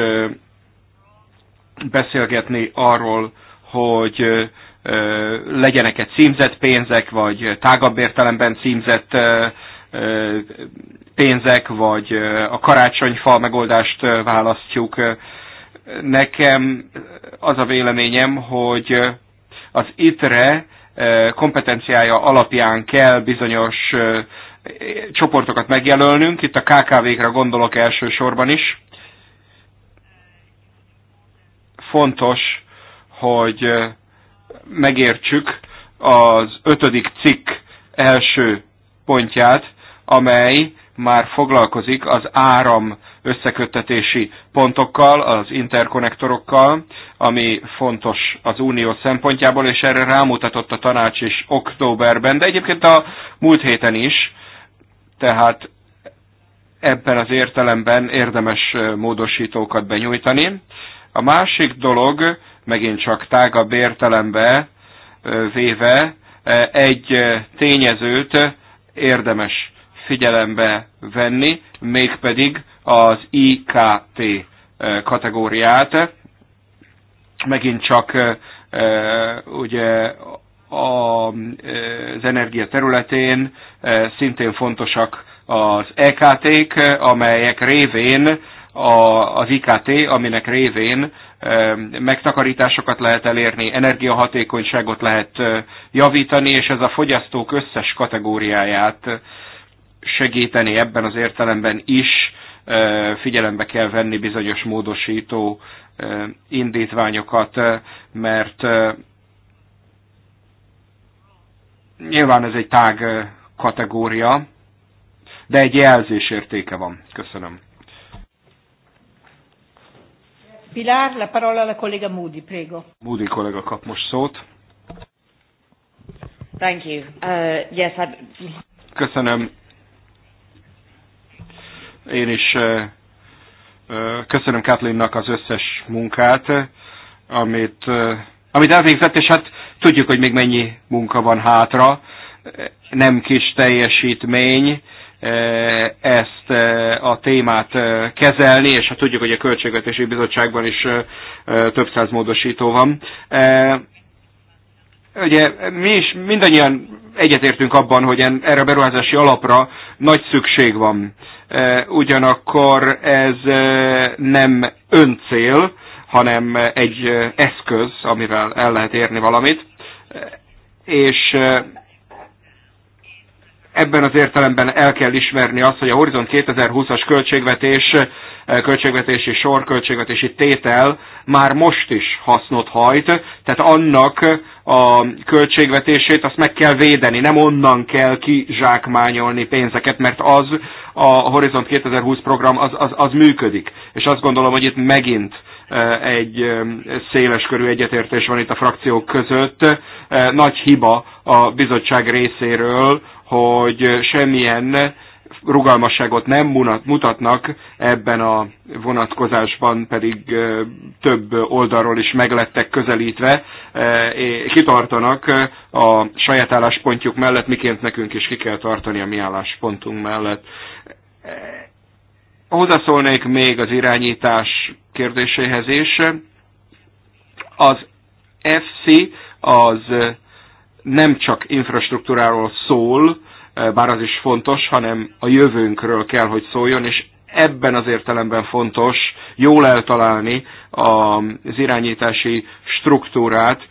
beszélgetni arról, hogy legyenek-e címzett pénzek, vagy tágabb értelemben címzett pénzek, vagy a karácsonyfa megoldást választjuk. Nekem az a véleményem, hogy az ITRE eh, kompetenciája alapján kell bizonyos eh, csoportokat megjelölnünk, itt a KKV-kra gondolok elsősorban is. Fontos, hogy eh, megértsük az ötödik cikk első pontját, amely már foglalkozik az áram összeköttetési pontokkal, az interkonnektorokkal, ami fontos az unió szempontjából, és erre rámutatott a tanács is októberben, de egyébként a múlt héten is, tehát ebben az értelemben érdemes módosítókat benyújtani. A másik dolog, megint csak tágabb értelembe véve, egy tényezőt érdemes figyelembe venni, mégpedig az IKT kategóriát. Megint csak ugye az energia területén szintén fontosak az EKT-k, amelyek révén az IKT, aminek révén megtakarításokat lehet elérni, energiahatékonyságot lehet javítani, és ez a fogyasztók összes kategóriáját segíteni ebben az értelemben is figyelembe kell venni bizonyos módosító indítványokat, mert nyilván ez egy tág kategória, de egy jelzés értéke van. Köszönöm. Pilar, la parola alla collega Moody, prego. Moody kollega kap most szót. Thank you. Uh, yes, I... Köszönöm. Én is köszönöm Kathleennak az összes munkát, amit, amit elvégzett, és hát tudjuk, hogy még mennyi munka van hátra. Nem kis teljesítmény ezt a témát kezelni, és hát tudjuk, hogy a Költségvetési Bizottságban is több száz módosító van. Ugye mi is mindannyian egyetértünk abban, hogy erre a beruházási alapra nagy szükség van. E, ugyanakkor ez e, nem öncél, hanem egy e, eszköz, amivel el lehet érni valamit. És ebben az értelemben el kell ismerni azt, hogy a Horizont 2020-as költségvetés Eh, költségvetési sor, költségvetési tétel már most is hasznot hajt, tehát annak a költségvetését azt meg kell védeni, nem onnan kell kizsákmányolni pénzeket, mert az a Horizont 2020 program az, az, az működik. És azt gondolom, hogy itt megint eh, egy eh, széles körű egyetértés van itt a frakciók között. Nagy hiba a bizottság részéről, hogy semmilyen rugalmasságot nem mutatnak, ebben a vonatkozásban pedig több oldalról is meglettek közelítve, kitartanak a saját álláspontjuk mellett, miként nekünk is ki kell tartani a mi álláspontunk mellett. Hozzászólnék még az irányítás kérdéséhez is. Az FC az nem csak infrastruktúráról szól, bár az is fontos, hanem a jövőnkről kell, hogy szóljon, és ebben az értelemben fontos jól eltalálni az irányítási struktúrát,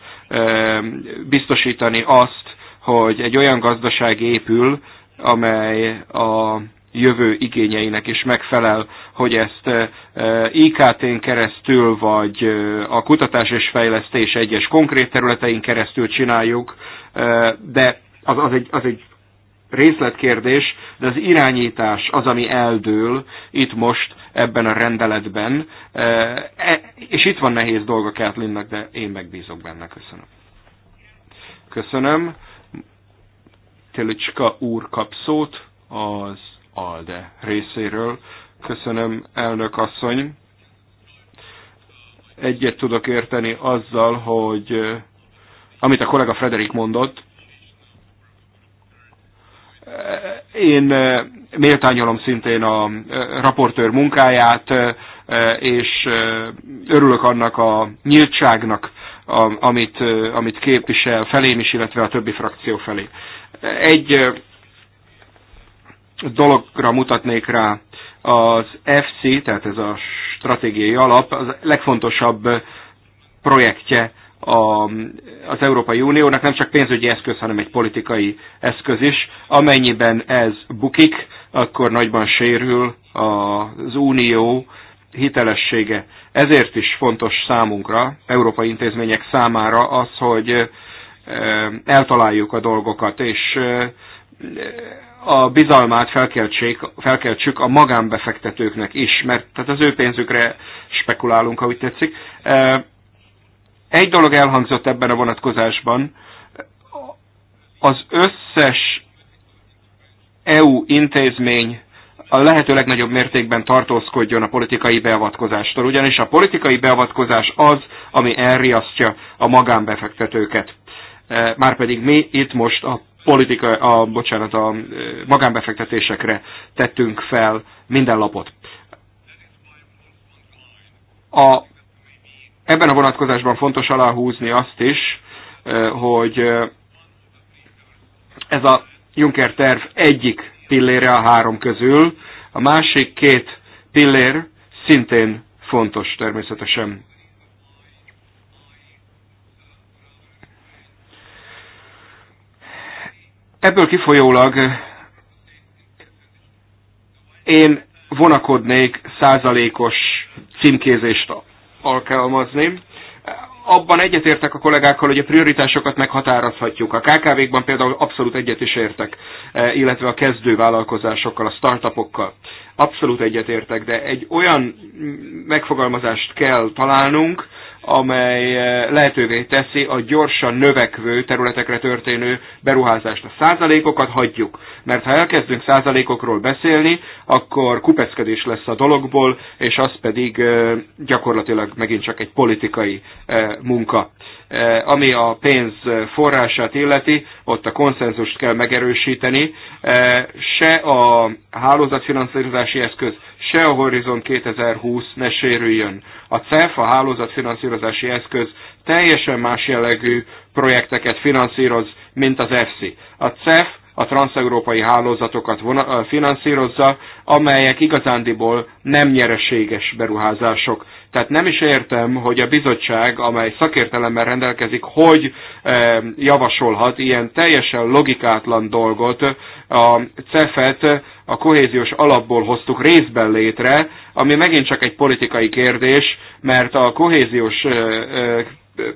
biztosítani azt, hogy egy olyan gazdaság épül, amely a jövő igényeinek is megfelel, hogy ezt IKT-n keresztül, vagy a kutatás és fejlesztés egyes konkrét területein keresztül csináljuk, de az, az, egy, az egy részletkérdés, de az irányítás az, ami eldől itt most ebben a rendeletben. Eh, e, és itt van nehéz dolga Kátlinnak, de én megbízok benne. Köszönöm. Köszönöm. Telicska úr kap szót az ALDE részéről. Köszönöm, elnök asszony. Egyet tudok érteni azzal, hogy eh, amit a kollega Frederik mondott, én eh, méltányolom szintén a eh, raportőr munkáját, eh, és örülök annak a nyíltságnak, amit, amit képvisel felém is, illetve a többi frakció felé. Egy dologra mutatnék rá, az FC, tehát ez a stratégiai alap, az legfontosabb projektje a, az Európai Uniónak nem csak pénzügyi eszköz, hanem egy politikai eszköz is. Amennyiben ez bukik, akkor nagyban sérül az Unió hitelessége. Ezért is fontos számunkra, európai intézmények számára az, hogy eh, eltaláljuk a dolgokat, és eh, a bizalmát felkeltsék, felkeltsük a magánbefektetőknek is, mert tehát az ő pénzükre spekulálunk, ha tetszik. Eh, egy dolog elhangzott ebben a vonatkozásban, az összes EU intézmény a lehető legnagyobb mértékben tartózkodjon a politikai beavatkozástól, ugyanis a politikai beavatkozás az, ami elriasztja a magánbefektetőket. E, márpedig mi itt most a politika, a, bocsánat, a e, magánbefektetésekre tettünk fel minden lapot. A Ebben a vonatkozásban fontos aláhúzni azt is, eh, hogy eh, ez a Juncker terv egyik pillére a három közül, a másik két pillér szintén fontos természetesen. Ebből kifolyólag én vonakodnék százalékos címkézést alkalmazni. Abban egyetértek a kollégákkal, hogy a prioritásokat meghatározhatjuk. A KKV-kban például abszolút egyet is értek, eh, illetve a kezdővállalkozásokkal, a startupokkal. Abszolút egyetértek, de egy olyan megfogalmazást kell találnunk, amely eh, lehetővé teszi a gyorsan növekvő területekre történő beruházást. A százalékokat hagyjuk, mert ha elkezdünk százalékokról beszélni, akkor kupeszkedés lesz a dologból, és az pedig eh, gyakorlatilag megint csak egy politikai eh, munka. Eh, ami a pénz forrását illeti, ott a konszenzust kell megerősíteni, eh, se a hálózatfinanszírozási eszköz, se a Horizon 2020 ne sérüljön. A CEF, a hálózatfinanszírozási eszköz teljesen más jellegű projekteket finanszíroz, mint az EFSI. A CEF a transzeurópai hálózatokat finanszírozza, amelyek igazándiból nem nyereséges beruházások. Tehát nem is értem, hogy a bizottság, amely szakértelemmel rendelkezik, hogy javasolhat ilyen teljesen logikátlan dolgot. A CEFET a kohéziós alapból hoztuk részben létre, ami megint csak egy politikai kérdés, mert a kohéziós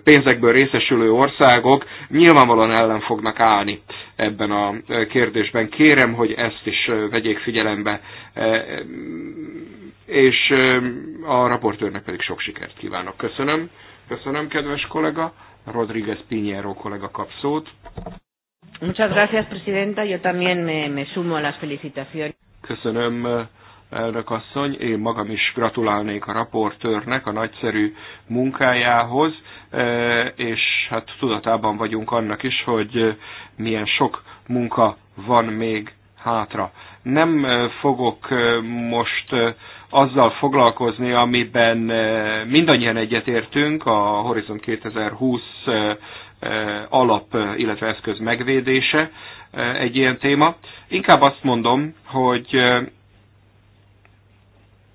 pénzekből részesülő országok nyilvánvalóan ellen fognak állni ebben a kérdésben. Kérem, hogy ezt is vegyék figyelembe, és a raportőrnek pedig sok sikert kívánok. Köszönöm. Köszönöm, kedves kollega. Rodríguez Piñero kollega kap szót. Muchas gracias, presidenta. Yo también me, me sumo a las felicitaciones. Köszönöm, elnök asszony. Én magam is gratulálnék a raportőrnek a nagyszerű munkájához. E, és hát tudatában vagyunk annak is, hogy e, milyen sok munka van még hátra. Nem e, fogok most azzal foglalkozni, amiben mindannyian egyetértünk, a Horizon 2020 alap, illetve eszköz megvédése egy ilyen téma. Inkább azt mondom, hogy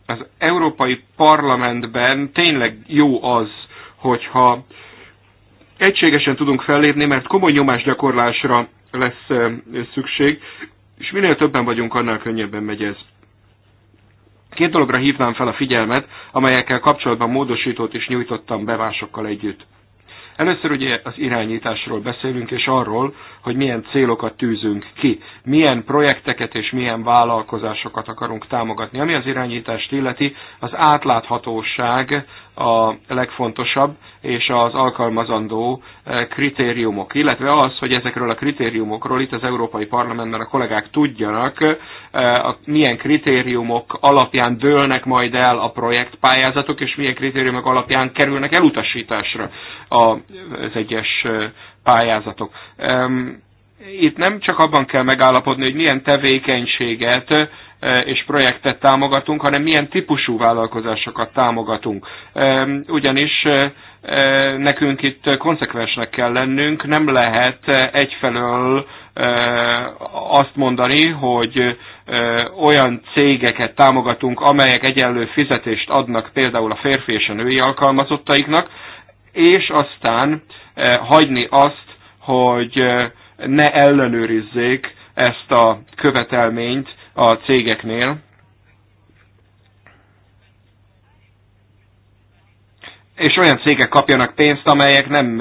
az Európai Parlamentben tényleg jó az, hogyha egységesen tudunk fellépni, mert komoly nyomásgyakorlásra lesz szükség, és minél többen vagyunk, annál könnyebben megy ez. Két dologra hívnám fel a figyelmet, amelyekkel kapcsolatban módosítót is nyújtottam bevásokkal együtt. Először ugye az irányításról beszélünk, és arról, hogy milyen célokat tűzünk ki, milyen projekteket és milyen vállalkozásokat akarunk támogatni. Ami az irányítást illeti, az átláthatóság a legfontosabb, és az alkalmazandó eh, kritériumok, illetve az, hogy ezekről a kritériumokról itt az Európai Parlamentben a kollégák tudjanak, eh, milyen kritériumok alapján dőlnek majd el a projektpályázatok, és milyen kritériumok alapján kerülnek elutasításra eh, az egyes pályázatok itt nem csak abban kell megállapodni, hogy milyen tevékenységet és projektet támogatunk, hanem milyen típusú vállalkozásokat támogatunk. Ugyanis nekünk itt konzekvensnek kell lennünk, nem lehet egyfelől azt mondani, hogy olyan cégeket támogatunk, amelyek egyenlő fizetést adnak például a férfi és a női alkalmazottaiknak, és aztán hagyni azt, hogy ne ellenőrizzék ezt a követelményt a cégeknél. És olyan cégek kapjanak pénzt, amelyek nem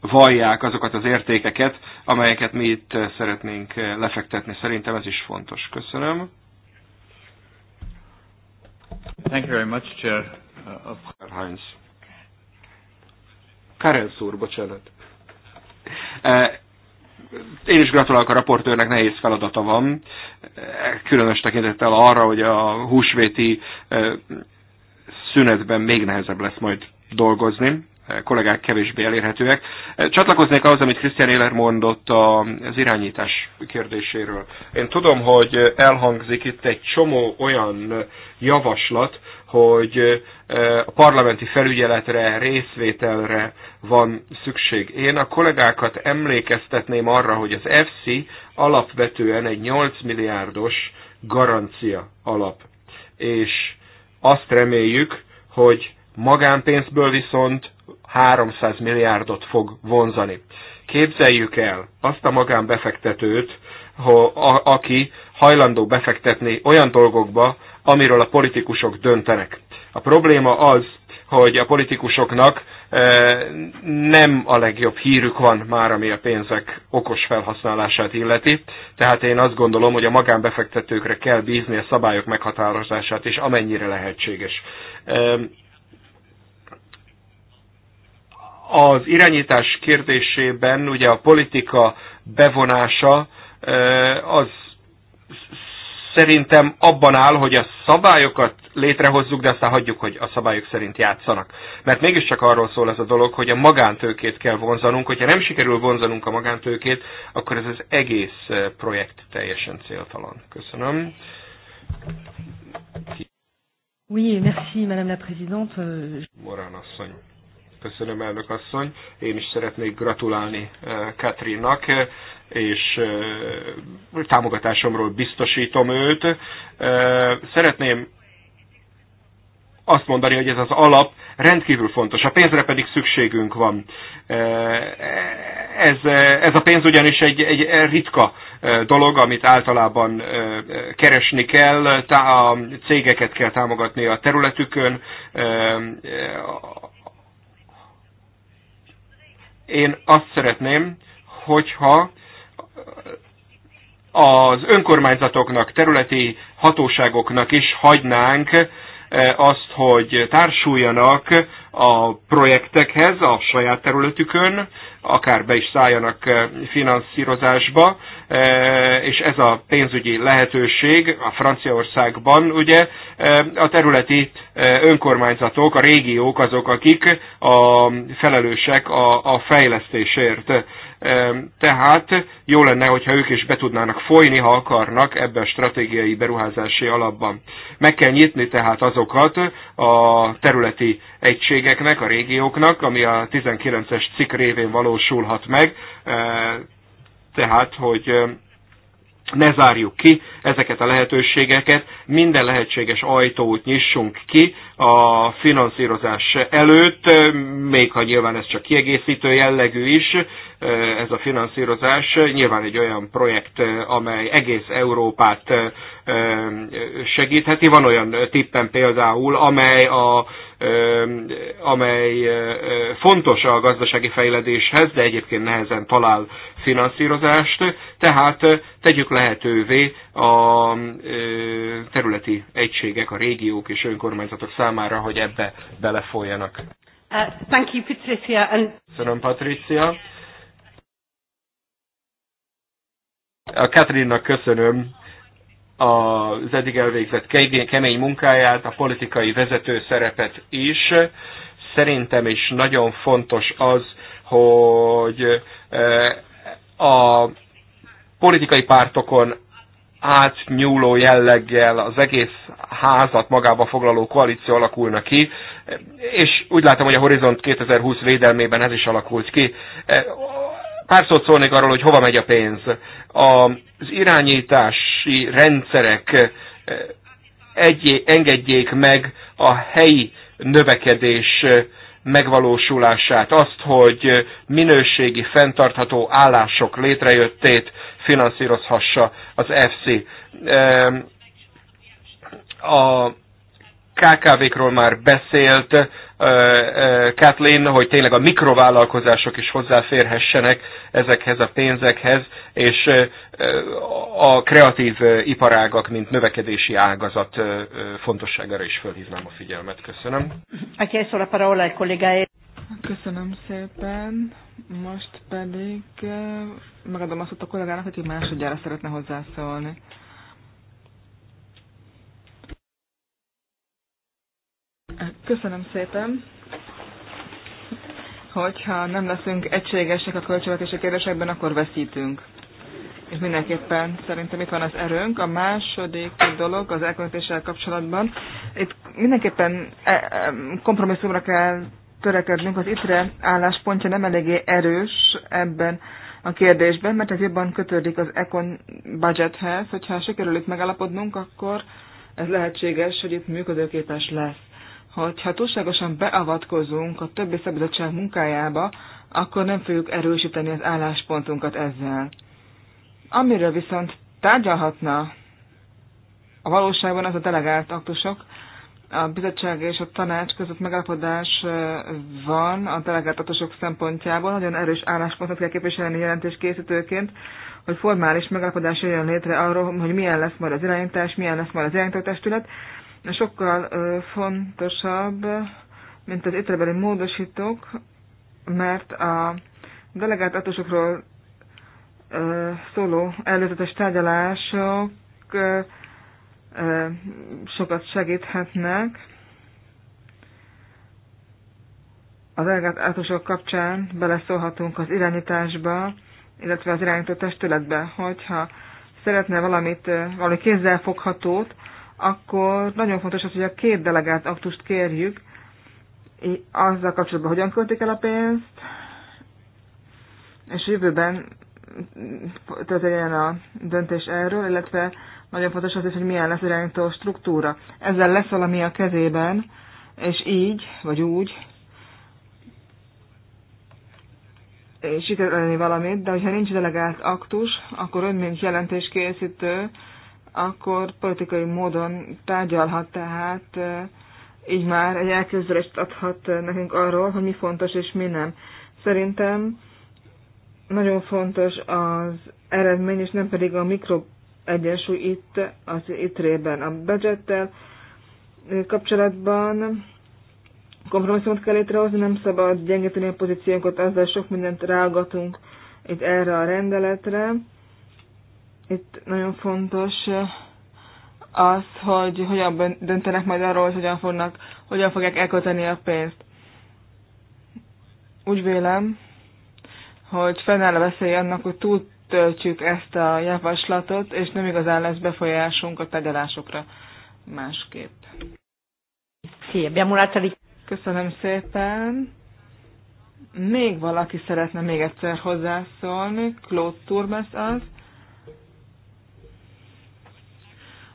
vallják azokat az értékeket, amelyeket mi itt szeretnénk lefektetni. Szerintem ez is fontos. Köszönöm. Thank you very much, Chair. Uh, Heinz. Karel szúr, bocsánat én is gratulálok a raportőrnek, nehéz feladata van, különös tekintettel arra, hogy a húsvéti szünetben még nehezebb lesz majd dolgozni, kollégák kevésbé elérhetőek. Csatlakoznék ahhoz, amit Christian Éler mondott az irányítás kérdéséről. Én tudom, hogy elhangzik itt egy csomó olyan javaslat, hogy a parlamenti felügyeletre, részvételre van szükség. Én a kollégákat emlékeztetném arra, hogy az FC alapvetően egy 8 milliárdos garancia alap. És azt reméljük, hogy magánpénzből viszont 300 milliárdot fog vonzani. Képzeljük el azt a magánbefektetőt, aki hajlandó befektetni olyan dolgokba, amiről a politikusok döntenek. A probléma az, hogy a politikusoknak eh, nem a legjobb hírük van már, ami a pénzek okos felhasználását illeti. Tehát én azt gondolom, hogy a magánbefektetőkre kell bízni a szabályok meghatározását, és amennyire lehetséges. Az irányítás kérdésében ugye a politika bevonása eh, az szerintem abban áll, hogy a szabályokat létrehozzuk, de aztán hagyjuk, hogy a szabályok szerint játszanak. Mert mégiscsak arról szól ez a dolog, hogy a magántőkét kell vonzanunk, hogyha nem sikerül vonzanunk a magántőkét, akkor ez az egész eh, projekt teljesen céltalan. Köszönöm. Oui, merci, Madame la Présidente. Morán asszony. Köszönöm, elnök asszony. Én is szeretnék gratulálni eh, Katrinnak, eh, és eh, támogatásomról biztosítom őt. Szeretném azt mondani, hogy ez az alap rendkívül fontos. A pénzre pedig szükségünk van. Ez, ez a pénz ugyanis egy, egy ritka dolog, amit általában keresni kell, a cégeket kell támogatni a területükön, én azt szeretném, hogyha az önkormányzatoknak, területi hatóságoknak is hagynánk E, azt, hogy társuljanak a projektekhez a saját területükön, akár be is szálljanak e, finanszírozásba, e, és ez a pénzügyi lehetőség a Franciaországban, ugye a területi önkormányzatok, a régiók azok, akik a felelősek a, a fejlesztésért. Tehát jó lenne, hogyha ők is be tudnának folyni, ha akarnak ebbe a stratégiai beruházási alapban. Meg kell nyitni tehát azokat a területi egységeknek, a régióknak, ami a 19-es cikk révén valósulhat meg, tehát, hogy ne zárjuk ki ezeket a lehetőségeket, minden lehetséges ajtót nyissunk ki a finanszírozás előtt, még ha nyilván ez csak kiegészítő jellegű is, ez a finanszírozás nyilván egy olyan projekt, amely egész Európát segítheti. Van olyan tippen például, amely a amely fontos a gazdasági fejledéshez, de egyébként nehezen talál finanszírozást, tehát tegyük lehetővé a területi egységek, a régiók és önkormányzatok számára, hogy ebbe belefoljanak. Uh, thank you, Patricia. And... Köszönöm, Patricia. A Katrinnak köszönöm az eddig elvégzett kemény munkáját, a politikai vezető szerepet is. Szerintem is nagyon fontos az, hogy eh, a politikai pártokon átnyúló jelleggel az egész házat magába foglaló koalíció alakulna ki, és úgy látom, hogy a Horizont 2020 védelmében ez is alakult ki. Eh, pár szót szólnék arról, hogy hova megy a pénz. Az irányítás városi rendszerek eh, egyé, engedjék meg a helyi növekedés eh, megvalósulását, azt, hogy eh, minőségi, fenntartható állások létrejöttét finanszírozhassa az FC. A KKV-król már beszélt Kathleen, hogy tényleg a mikrovállalkozások is hozzáférhessenek ezekhez a pénzekhez, és a kreatív iparágak, mint növekedési ágazat fontosságára is fölhívnám a figyelmet. Köszönöm. Köszönöm szépen. Most pedig megadom azt a kollégának, hogy másodjára szeretne hozzászólni. Köszönöm szépen. Hogyha nem leszünk egységesek a költségvetési kérdésekben, akkor veszítünk. És mindenképpen szerintem itt van az erőnk. A második dolog az elköltéssel kapcsolatban. Itt mindenképpen e, e, kompromisszumra kell törekednünk. Az ITRE álláspontja nem eléggé erős ebben a kérdésben, mert ez jobban kötődik az Econ budgethez. Hogyha sikerül itt megállapodnunk, akkor ez lehetséges, hogy itt működőképes lesz hogyha túlságosan beavatkozunk a többi szabadság munkájába, akkor nem fogjuk erősíteni az álláspontunkat ezzel. Amiről viszont tárgyalhatna a valóságban az a delegált aktusok, a bizottság és a tanács között megállapodás eh, van a delegáltatások szempontjából. Nagyon erős álláspontot kell képviselni jelentéskészítőként, hogy formális megállapodás jön létre arról, hogy milyen lesz majd az irányítás, milyen lesz majd az irányítótestület, sokkal fontosabb, mint az ételbeli módosítók, mert a delegált atosokról szóló előzetes tárgyalások sokat segíthetnek. A delegált atósok kapcsán beleszólhatunk az irányításba, illetve az irányító testületbe, hogyha szeretne valamit, valami kézzelfoghatót, akkor nagyon fontos az, hogy a két delegált aktust kérjük, azzal kapcsolatban hogyan költik el a pénzt, és jövőben történjen a döntés erről, illetve nagyon fontos az is, hogy milyen lesz irányító struktúra. Ezzel lesz valami a kezében, és így, vagy úgy, sikerülni valamit, de hogyha nincs delegált aktus, akkor ön, mint jelentéskészítő, akkor politikai módon tárgyalhat, tehát így már egy elképzelést adhat nekünk arról, hogy mi fontos és mi nem. Szerintem nagyon fontos az eredmény, és nem pedig a mikro egyensúly itt, az itt rében A budgettel kapcsolatban kompromisszumot kell létrehozni, nem szabad gyengíteni a pozíciónkat, azzal sok mindent rágatunk itt erre a rendeletre itt nagyon fontos az, hogy hogyan döntenek majd arról, hogy hogyan, fognak, hogyan fogják elkölteni a pénzt. Úgy vélem, hogy fennáll a veszély annak, hogy túltöltjük ezt a javaslatot, és nem igazán lesz befolyásunk a tegyelásokra másképp. Köszönöm szépen. Még valaki szeretne még egyszer hozzászólni, Claude Turmes az.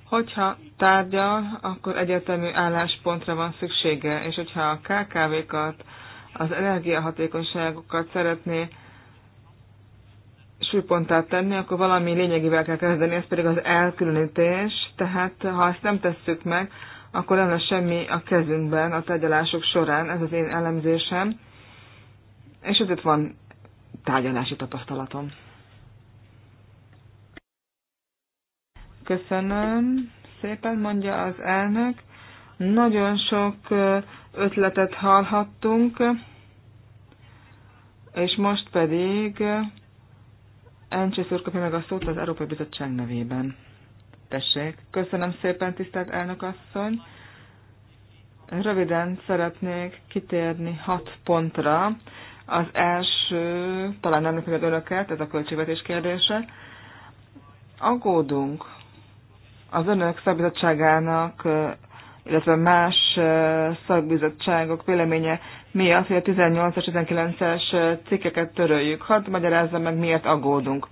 Hogyha tárgyal, akkor egyetemű álláspontra van szüksége, és hogyha a KKV-kat, az energiahatékonyságokat szeretné súlyponttá tenni, akkor valami lényegével kell kezdeni, ez pedig az elkülönítés, tehát ha ezt nem tesszük meg, akkor nem lesz semmi a kezünkben a tárgyalások során, ez az én elemzésem, és ezért van tárgyalási tapasztalatom. Köszönöm szépen, mondja az elnök. Nagyon sok ötletet hallhattunk, és most pedig Encsész úr kapja meg a szót az Európai Bizottság nevében. Tessék. Köszönöm szépen, tisztelt elnök asszony. Röviden szeretnék kitérni hat pontra. Az első, talán nem meg önöket, ez a költségvetés kérdése. Aggódunk az önök szakbizottságának, illetve más szakbizottságok véleménye miatt, hogy a 18-as, 19-es cikkeket töröljük. Hadd magyarázza meg, miért aggódunk.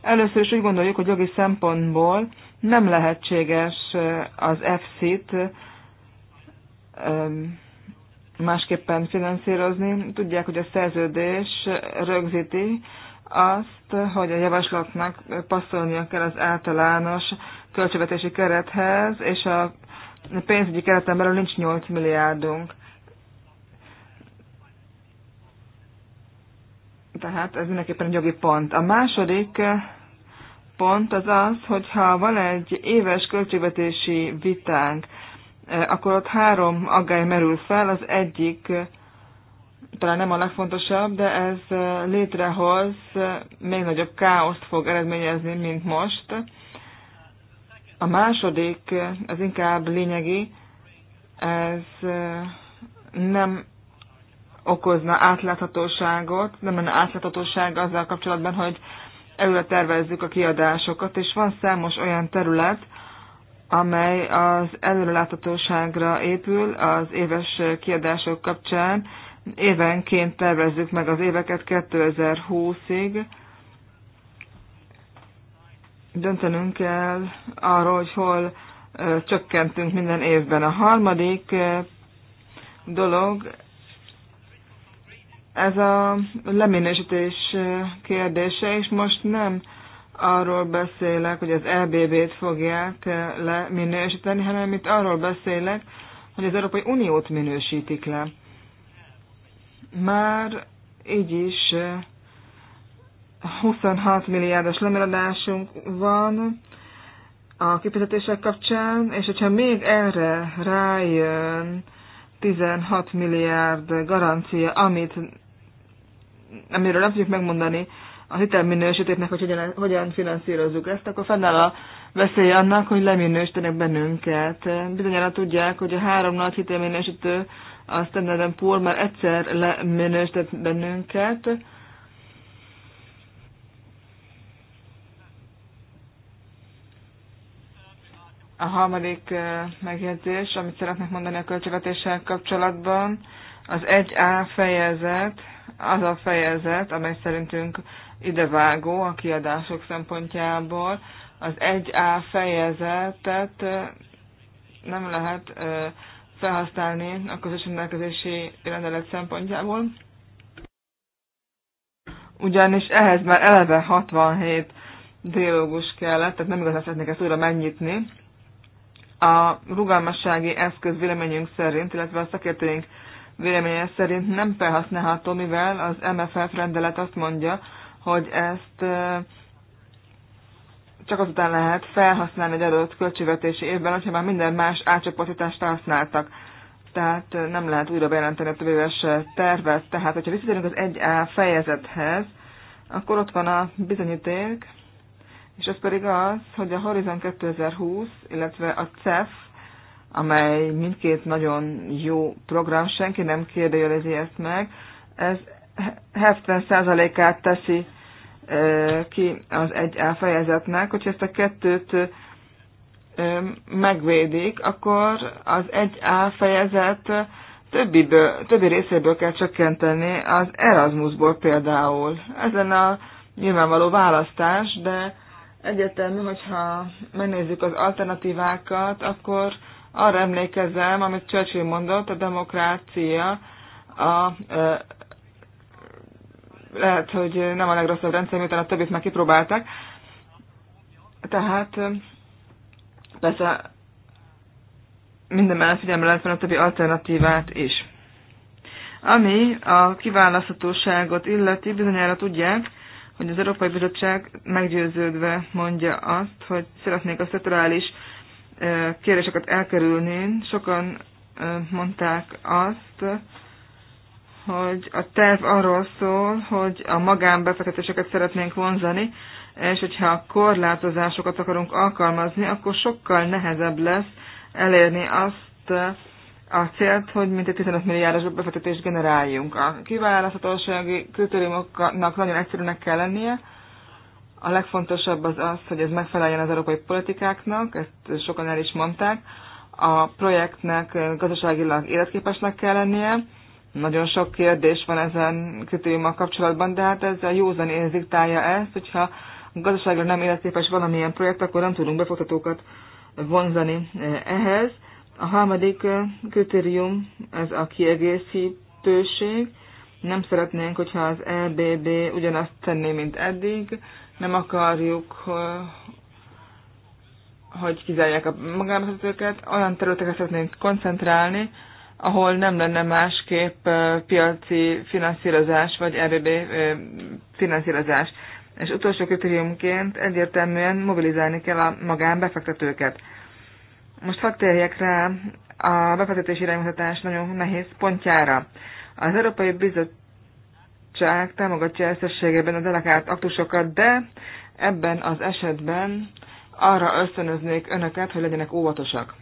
Először is úgy gondoljuk, hogy jogi szempontból nem lehetséges az EFSZ-t másképpen finanszírozni. Tudják, hogy a szerződés rögzíti azt, hogy a javaslatnak passzolnia kell az általános költségvetési kerethez, és a pénzügyi kereten belül nincs 8 milliárdunk. Tehát ez mindenképpen egy jogi pont. A második pont az az, hogyha van egy éves költségvetési vitánk, akkor ott három aggály merül fel. Az egyik talán nem a legfontosabb, de ez létrehoz még nagyobb káoszt fog eredményezni, mint most. A második, ez inkább lényegi, ez nem okozna átláthatóságot, nem lenne átláthatóság azzal kapcsolatban, hogy előre tervezzük a kiadásokat, és van számos olyan terület, amely az előreláthatóságra épül az éves kiadások kapcsán. Évenként tervezzük meg az éveket 2020-ig, döntenünk kell arról, hogy hol csökkentünk minden évben. A harmadik dolog, ez a leminősítés kérdése, és most nem arról beszélek, hogy az EBB-t fogják leminősíteni, hanem itt arról beszélek, hogy az Európai Uniót minősítik le. Már így is 26 milliárdos lemaradásunk van a kifizetések kapcsán, és hogyha még erre rájön 16 milliárd garancia, amit, amiről nem tudjuk megmondani a hitelminősítőknek, hogy hogyan, hogyan finanszírozzuk ezt, akkor fennáll a veszély annak, hogy leminősítenek bennünket. Bizonyára tudják, hogy a három nagy hitelminősítő a Standard Poor már egyszer leminősített bennünket, A harmadik megjegyzés, amit szeretnék mondani a költségvetéssel kapcsolatban, az 1A fejezet, az a fejezet, amely szerintünk idevágó a kiadások szempontjából. Az 1A fejezetet nem lehet felhasználni a közös rendelkezési rendelet szempontjából, ugyanis ehhez már eleve 67 dialógus kellett, tehát nem igazán szeretnék ezt újra megnyitni a rugalmassági eszköz véleményünk szerint, illetve a szakértőink véleménye szerint nem felhasználható, mivel az MFF rendelet azt mondja, hogy ezt csak azután lehet felhasználni egy adott költségvetési évben, hogyha már minden más átcsoportítást használtak. Tehát nem lehet újra bejelenteni a többéves tervet. Tehát, hogyha visszatérünk az 1A fejezethez, akkor ott van a bizonyíték, és ez pedig az, hogy a Horizon 2020, illetve a CEF, amely mindkét nagyon jó program, senki nem kérdőjelezi ezt meg, ez 70%-át teszi ki az egy elfejezetnek, hogyha ezt a kettőt megvédik, akkor az egy elfejezet többiből, többi részéből kell csökkenteni, az Erasmusból például. Ez lenne a nyilvánvaló választás, de Egyetem, hogyha megnézzük az alternatívákat, akkor arra emlékezem, amit Churchill mondott, a demokrácia a, e, lehet, hogy nem a legrosszabb rendszer, miután a többit már kipróbálták. Tehát persze minden mellett figyelme lehet a többi alternatívát is. Ami a kiválaszthatóságot illeti, bizonyára tudják, hogy az Európai Bizottság meggyőződve mondja azt, hogy szeretnék a szektorális kérdéseket elkerülni. Sokan mondták azt, hogy a terv arról szól, hogy a magánbefektetéseket szeretnénk vonzani, és hogyha a korlátozásokat akarunk alkalmazni, akkor sokkal nehezebb lesz elérni azt, a célt, hogy mintegy 15 milliárdos befektetést generáljunk. A kiválaszthatósági kritériumoknak nagyon egyszerűnek kell lennie. A legfontosabb az az, hogy ez megfeleljen az európai politikáknak, ezt sokan el is mondták. A projektnek gazdaságilag életképesnek kell lennie. Nagyon sok kérdés van ezen kritériummal kapcsolatban, de hát ez a józan érzik érziktája ezt, hogyha gazdaságra nem életképes valamilyen projekt, akkor nem tudunk befogtatókat vonzani eh, ehhez a harmadik kritérium ez a kiegészítőség. Nem szeretnénk, hogyha az LBB e ugyanazt tenné, mint eddig. Nem akarjuk, hogy kizárják a magánvezetőket. Olyan területeket szeretnénk koncentrálni, ahol nem lenne másképp piaci finanszírozás vagy RBB e finanszírozás. És utolsó kritériumként egyértelműen mobilizálni kell a magánbefektetőket. Most hadd térjek rá a befektetési iránymutatás nagyon nehéz pontjára. Az Európai Bizottság támogatja összességében a delegált aktusokat, de ebben az esetben arra ösztönöznék önöket, hogy legyenek óvatosak.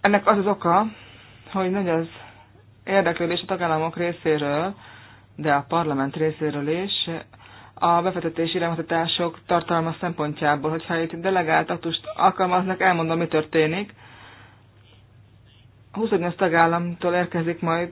Ennek az az oka, hogy nagy az érdeklődés a tagállamok részéről, de a parlament részéről is a befektetési irányhatatások tartalma szempontjából. Hogyha itt delegált aktust alkalmaznak, elmondom, mi történik. 28 tagállamtól érkezik majd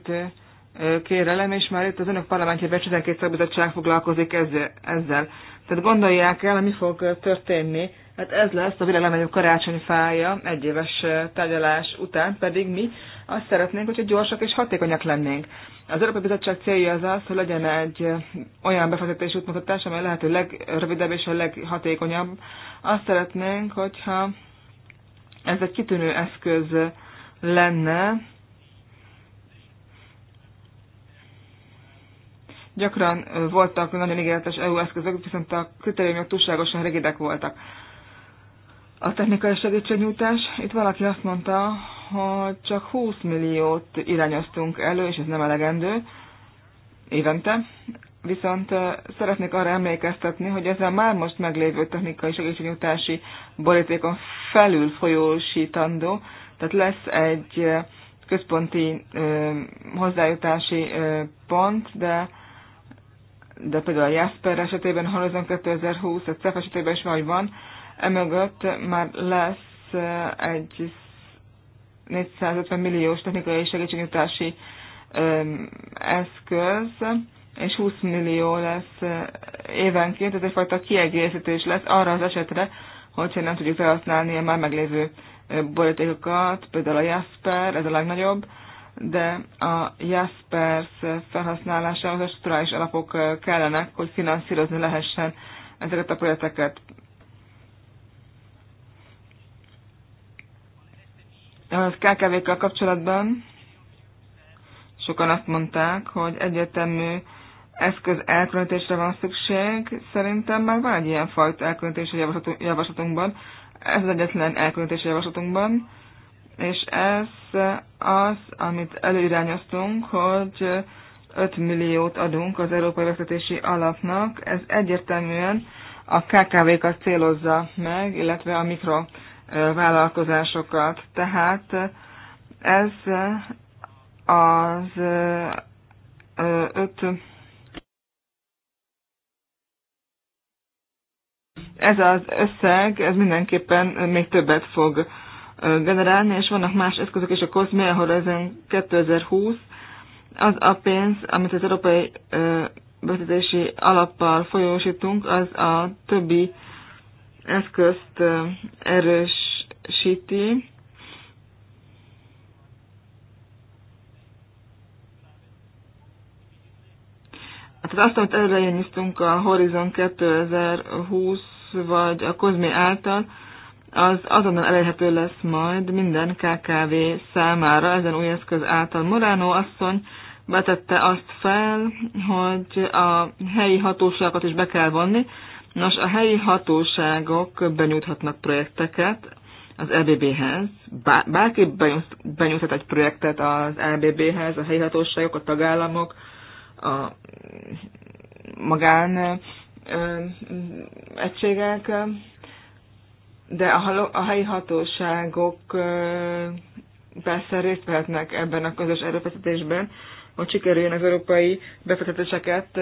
kérelem, és már itt az önök parlamentjében 12 szakbizottság foglalkozik ezzel. Tehát gondolják el, mi fog történni. Hát ez lesz a világ legnagyobb karácsonyfája egy éves tárgyalás után, pedig mi azt szeretnénk, hogyha gyorsak és hatékonyak lennénk. Az Európai Bizottság célja az az, hogy legyen egy olyan befektetési útmutatás, amely lehető legrövidebb és a leghatékonyabb. Azt szeretnénk, hogyha ez egy kitűnő eszköz lenne, Gyakran voltak nagyon ígéretes EU eszközök, viszont a kritériumok túlságosan rigidek voltak a technikai segítségnyújtás. Itt valaki azt mondta, hogy csak 20 milliót irányoztunk elő, és ez nem elegendő évente. Viszont szeretnék arra emlékeztetni, hogy ezzel már most meglévő technikai segítségnyújtási borítékon felül folyósítandó, tehát lesz egy központi ö, hozzájutási ö, pont, de de például a Jasper esetében, Horizon 2020, a CEF esetében is vagy van, emögött már lesz egy 450 milliós technikai segítségnyújtási eszköz, és 20 millió lesz évenként, ez egyfajta kiegészítés lesz arra az esetre, hogyha nem tudjuk felhasználni a már meglévő borítékokat, például a Jasper, ez a legnagyobb, de a Jaspers felhasználásához a strukturális alapok kellenek, hogy finanszírozni lehessen ezeket a projekteket. kkv kkel kapcsolatban sokan azt mondták, hogy egyetemű eszköz elkülönítésre van szükség. Szerintem már van egy ilyen fajta elkülönítés a javaslatunkban. Ez az egyetlen elkülönítés a javaslatunkban. És ez az, amit előirányoztunk, hogy 5 milliót adunk az Európai Vezetési Alapnak. Ez egyértelműen a KKV-kat célozza meg, illetve a mikro vállalkozásokat. Tehát ez az öt ez az összeg, ez mindenképpen még többet fog generálni, és vannak más eszközök is a COSME, ahol ezen 2020 az a pénz, amit az Európai Betetési Alappal folyósítunk, az a többi eszközt erős erősíti. Hát azt, amit előrejelztünk a Horizon 2020 vagy a Kozmi által, az azonnal elérhető lesz majd minden KKV számára ezen új eszköz által. Morano asszony betette azt fel, hogy a helyi hatóságokat is be kell vonni. Nos, a helyi hatóságok benyújthatnak projekteket az EBB-hez. Bárki benyújthat egy projektet az EBB-hez, a helyi hatóságok, a tagállamok, a magán egységek, de a, a helyi hatóságok persze részt vehetnek ebben a közös erőfeszítésben, hogy sikerüljön az európai befektetéseket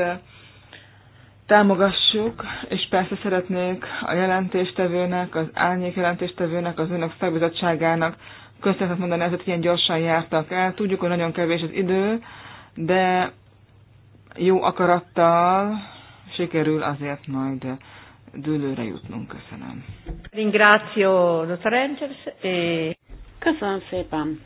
támogassuk, és persze szeretnék a jelentéstevőnek, az árnyék jelentéstevőnek, az önök szakbizottságának köszönetet mondani, ezért ilyen gyorsan jártak el. Tudjuk, hogy nagyon kevés az idő, de jó akarattal sikerül azért majd dőlőre jutnunk. Köszönöm. E- Köszönöm szépen.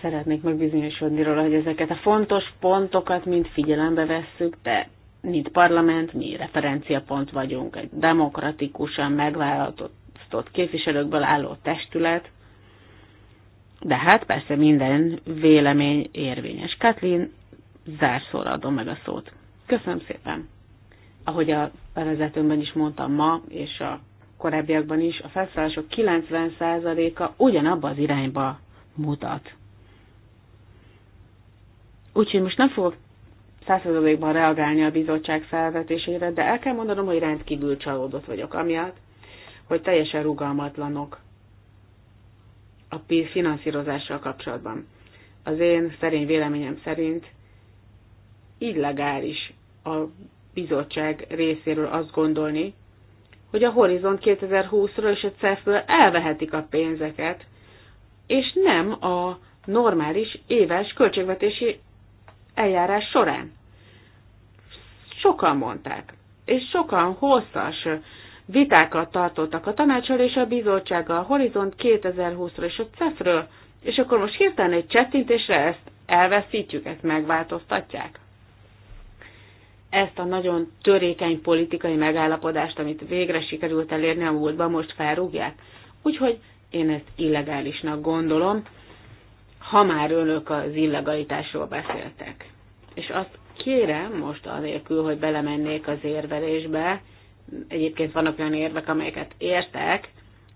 szeretnék megbizonyosodni róla, hogy ezeket a fontos pontokat mind figyelembe vesszük, de mint parlament mi referenciapont vagyunk, egy demokratikusan megválasztott képviselőkből álló testület, de hát persze minden vélemény érvényes. Kathleen, zárszóra adom meg a szót. Köszönöm szépen! Ahogy a bevezetőmben is mondtam ma, és a korábbiakban is, a felszállások 90%-a ugyanabba az irányba mutat. Úgyhogy most nem fogok százszerzalékban reagálni a bizottság felvetésére, de el kell mondanom, hogy rendkívül csalódott vagyok, amiatt, hogy teljesen rugalmatlanok a finanszírozással kapcsolatban. Az én szerény véleményem szerint illegális a bizottság részéről azt gondolni, hogy a Horizont 2020-ról és a cef elvehetik a pénzeket, és nem a normális éves költségvetési eljárás során. Sokan mondták, és sokan hosszas vitákat tartottak a tanácsal és a bizottsággal, a Horizont 2020-ra és a CEF-ről, és akkor most hirtelen egy csettintésre ezt elveszítjük, ezt megváltoztatják. Ezt a nagyon törékeny politikai megállapodást, amit végre sikerült elérni a múltban, most felrúgják. Úgyhogy én ezt illegálisnak gondolom, ha már önök az illegalitásról beszéltek. És azt kérem most anélkül, hogy belemennék az érvelésbe, egyébként vannak olyan érvek, amelyeket értek,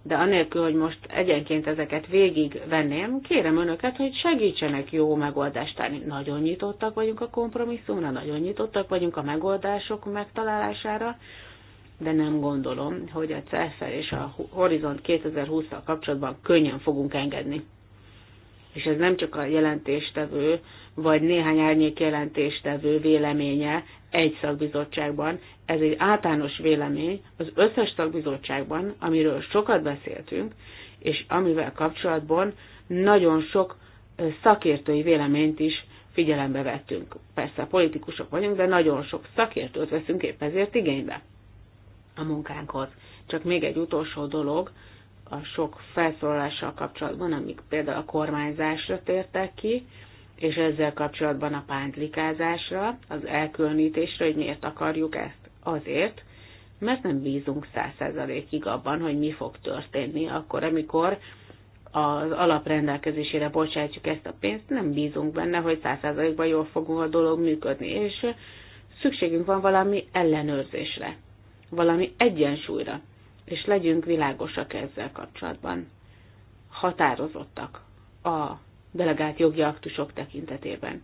de anélkül, hogy most egyenként ezeket végigvenném, kérem önöket, hogy segítsenek jó megoldást találni. Nagyon nyitottak vagyunk a kompromisszumra, nagyon nyitottak vagyunk a megoldások megtalálására, de nem gondolom, hogy a CEFER és a Horizont 2020-tal kapcsolatban könnyen fogunk engedni és ez nem csak a jelentéstevő, vagy néhány árnyék jelentéstevő véleménye egy szakbizottságban, ez egy általános vélemény az összes szakbizottságban, amiről sokat beszéltünk, és amivel kapcsolatban nagyon sok szakértői véleményt is figyelembe vettünk. Persze politikusok vagyunk, de nagyon sok szakértőt veszünk épp ezért igénybe a munkánkhoz. Csak még egy utolsó dolog, a sok felszólalással kapcsolatban, amik például a kormányzásra tértek ki, és ezzel kapcsolatban a pántlikázásra, az elkülönítésre, hogy miért akarjuk ezt. Azért, mert nem bízunk százszerzalékig abban, hogy mi fog történni akkor, amikor az alaprendelkezésére bocsátjuk ezt a pénzt, nem bízunk benne, hogy százszerzalékban jól fog a dolog működni, és szükségünk van valami ellenőrzésre, valami egyensúlyra és legyünk világosak ezzel kapcsolatban, határozottak a delegált jogi aktusok tekintetében,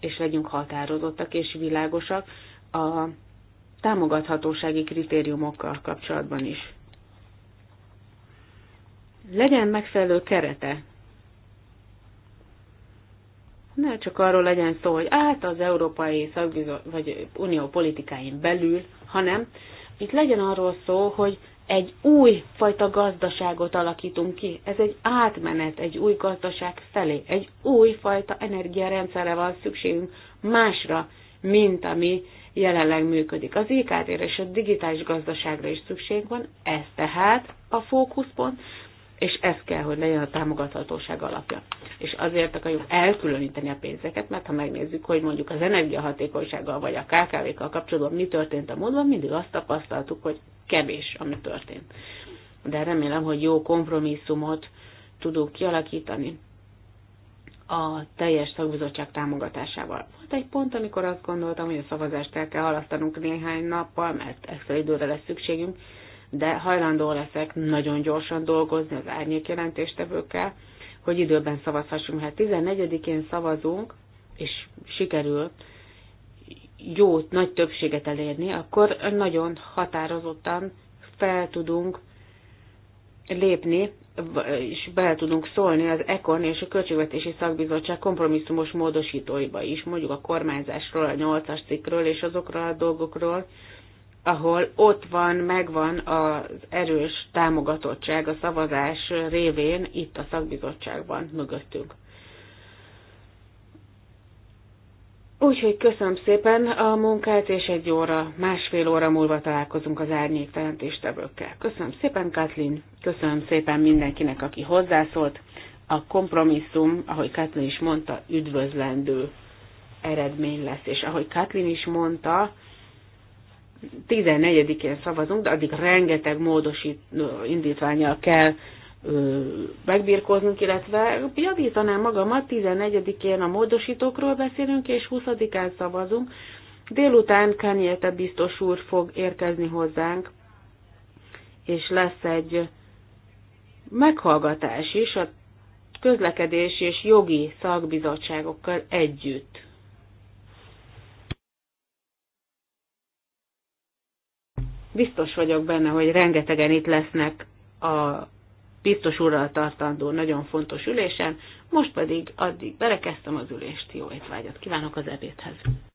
és legyünk határozottak és világosak a támogathatósági kritériumokkal kapcsolatban is. Legyen megfelelő kerete. Ne csak arról legyen szó, hogy át az Európai Szakbizó, vagy Unió politikáin belül, hanem itt legyen arról szó, hogy egy új fajta gazdaságot alakítunk ki. Ez egy átmenet egy új gazdaság felé. Egy új fajta energiarendszerre van szükségünk másra, mint ami jelenleg működik. Az IKT-re és a digitális gazdaságra is szükség van, ez tehát a fókuszpont, és ez kell, hogy legyen a támogathatóság alapja. És azért akarjuk elkülöníteni a pénzeket, mert ha megnézzük, hogy mondjuk az energiahatékonysággal vagy a KKV-kkal kapcsolatban mi történt a módban, mindig azt tapasztaltuk, hogy kevés, ami történt. De remélem, hogy jó kompromisszumot tudunk kialakítani a teljes szakbizottság támogatásával. Volt egy pont, amikor azt gondoltam, hogy a szavazást el kell halasztanunk néhány nappal, mert extra időre lesz szükségünk, de hajlandó leszek nagyon gyorsan dolgozni az árnyék jelentéstevőkkel, hogy időben szavazhassunk. Hát 14-én szavazunk, és sikerül jó, nagy többséget elérni, akkor nagyon határozottan fel tudunk lépni, és bele tudunk szólni az ECON és a Költségvetési Szakbizottság kompromisszumos módosítóiba is, mondjuk a kormányzásról, a 8-as cikkről és azokról a dolgokról, ahol ott van, megvan az erős támogatottság a szavazás révén itt a szakbizottságban mögöttünk. Úgyhogy köszönöm szépen a munkát, és egy óra, másfél óra múlva találkozunk az árnyék teremtéstevőkkel. Köszönöm szépen, Katlin, köszönöm szépen mindenkinek, aki hozzászólt. A kompromisszum, ahogy Katlin is mondta, üdvözlendő eredmény lesz, és ahogy Katlin is mondta, 14-én szavazunk, de addig rengeteg módosít indítványjal kell megbírkoznunk, illetve javítanám magamat, 14-én a módosítókról beszélünk, és 20-án szavazunk. Délután Kanyete biztos úr fog érkezni hozzánk, és lesz egy meghallgatás is a közlekedés és jogi szakbizottságokkal együtt. Biztos vagyok benne, hogy rengetegen itt lesznek a biztos urral tartandó nagyon fontos ülésen, most pedig addig berekeztem az ülést, jó étvágyat kívánok az ebédhez.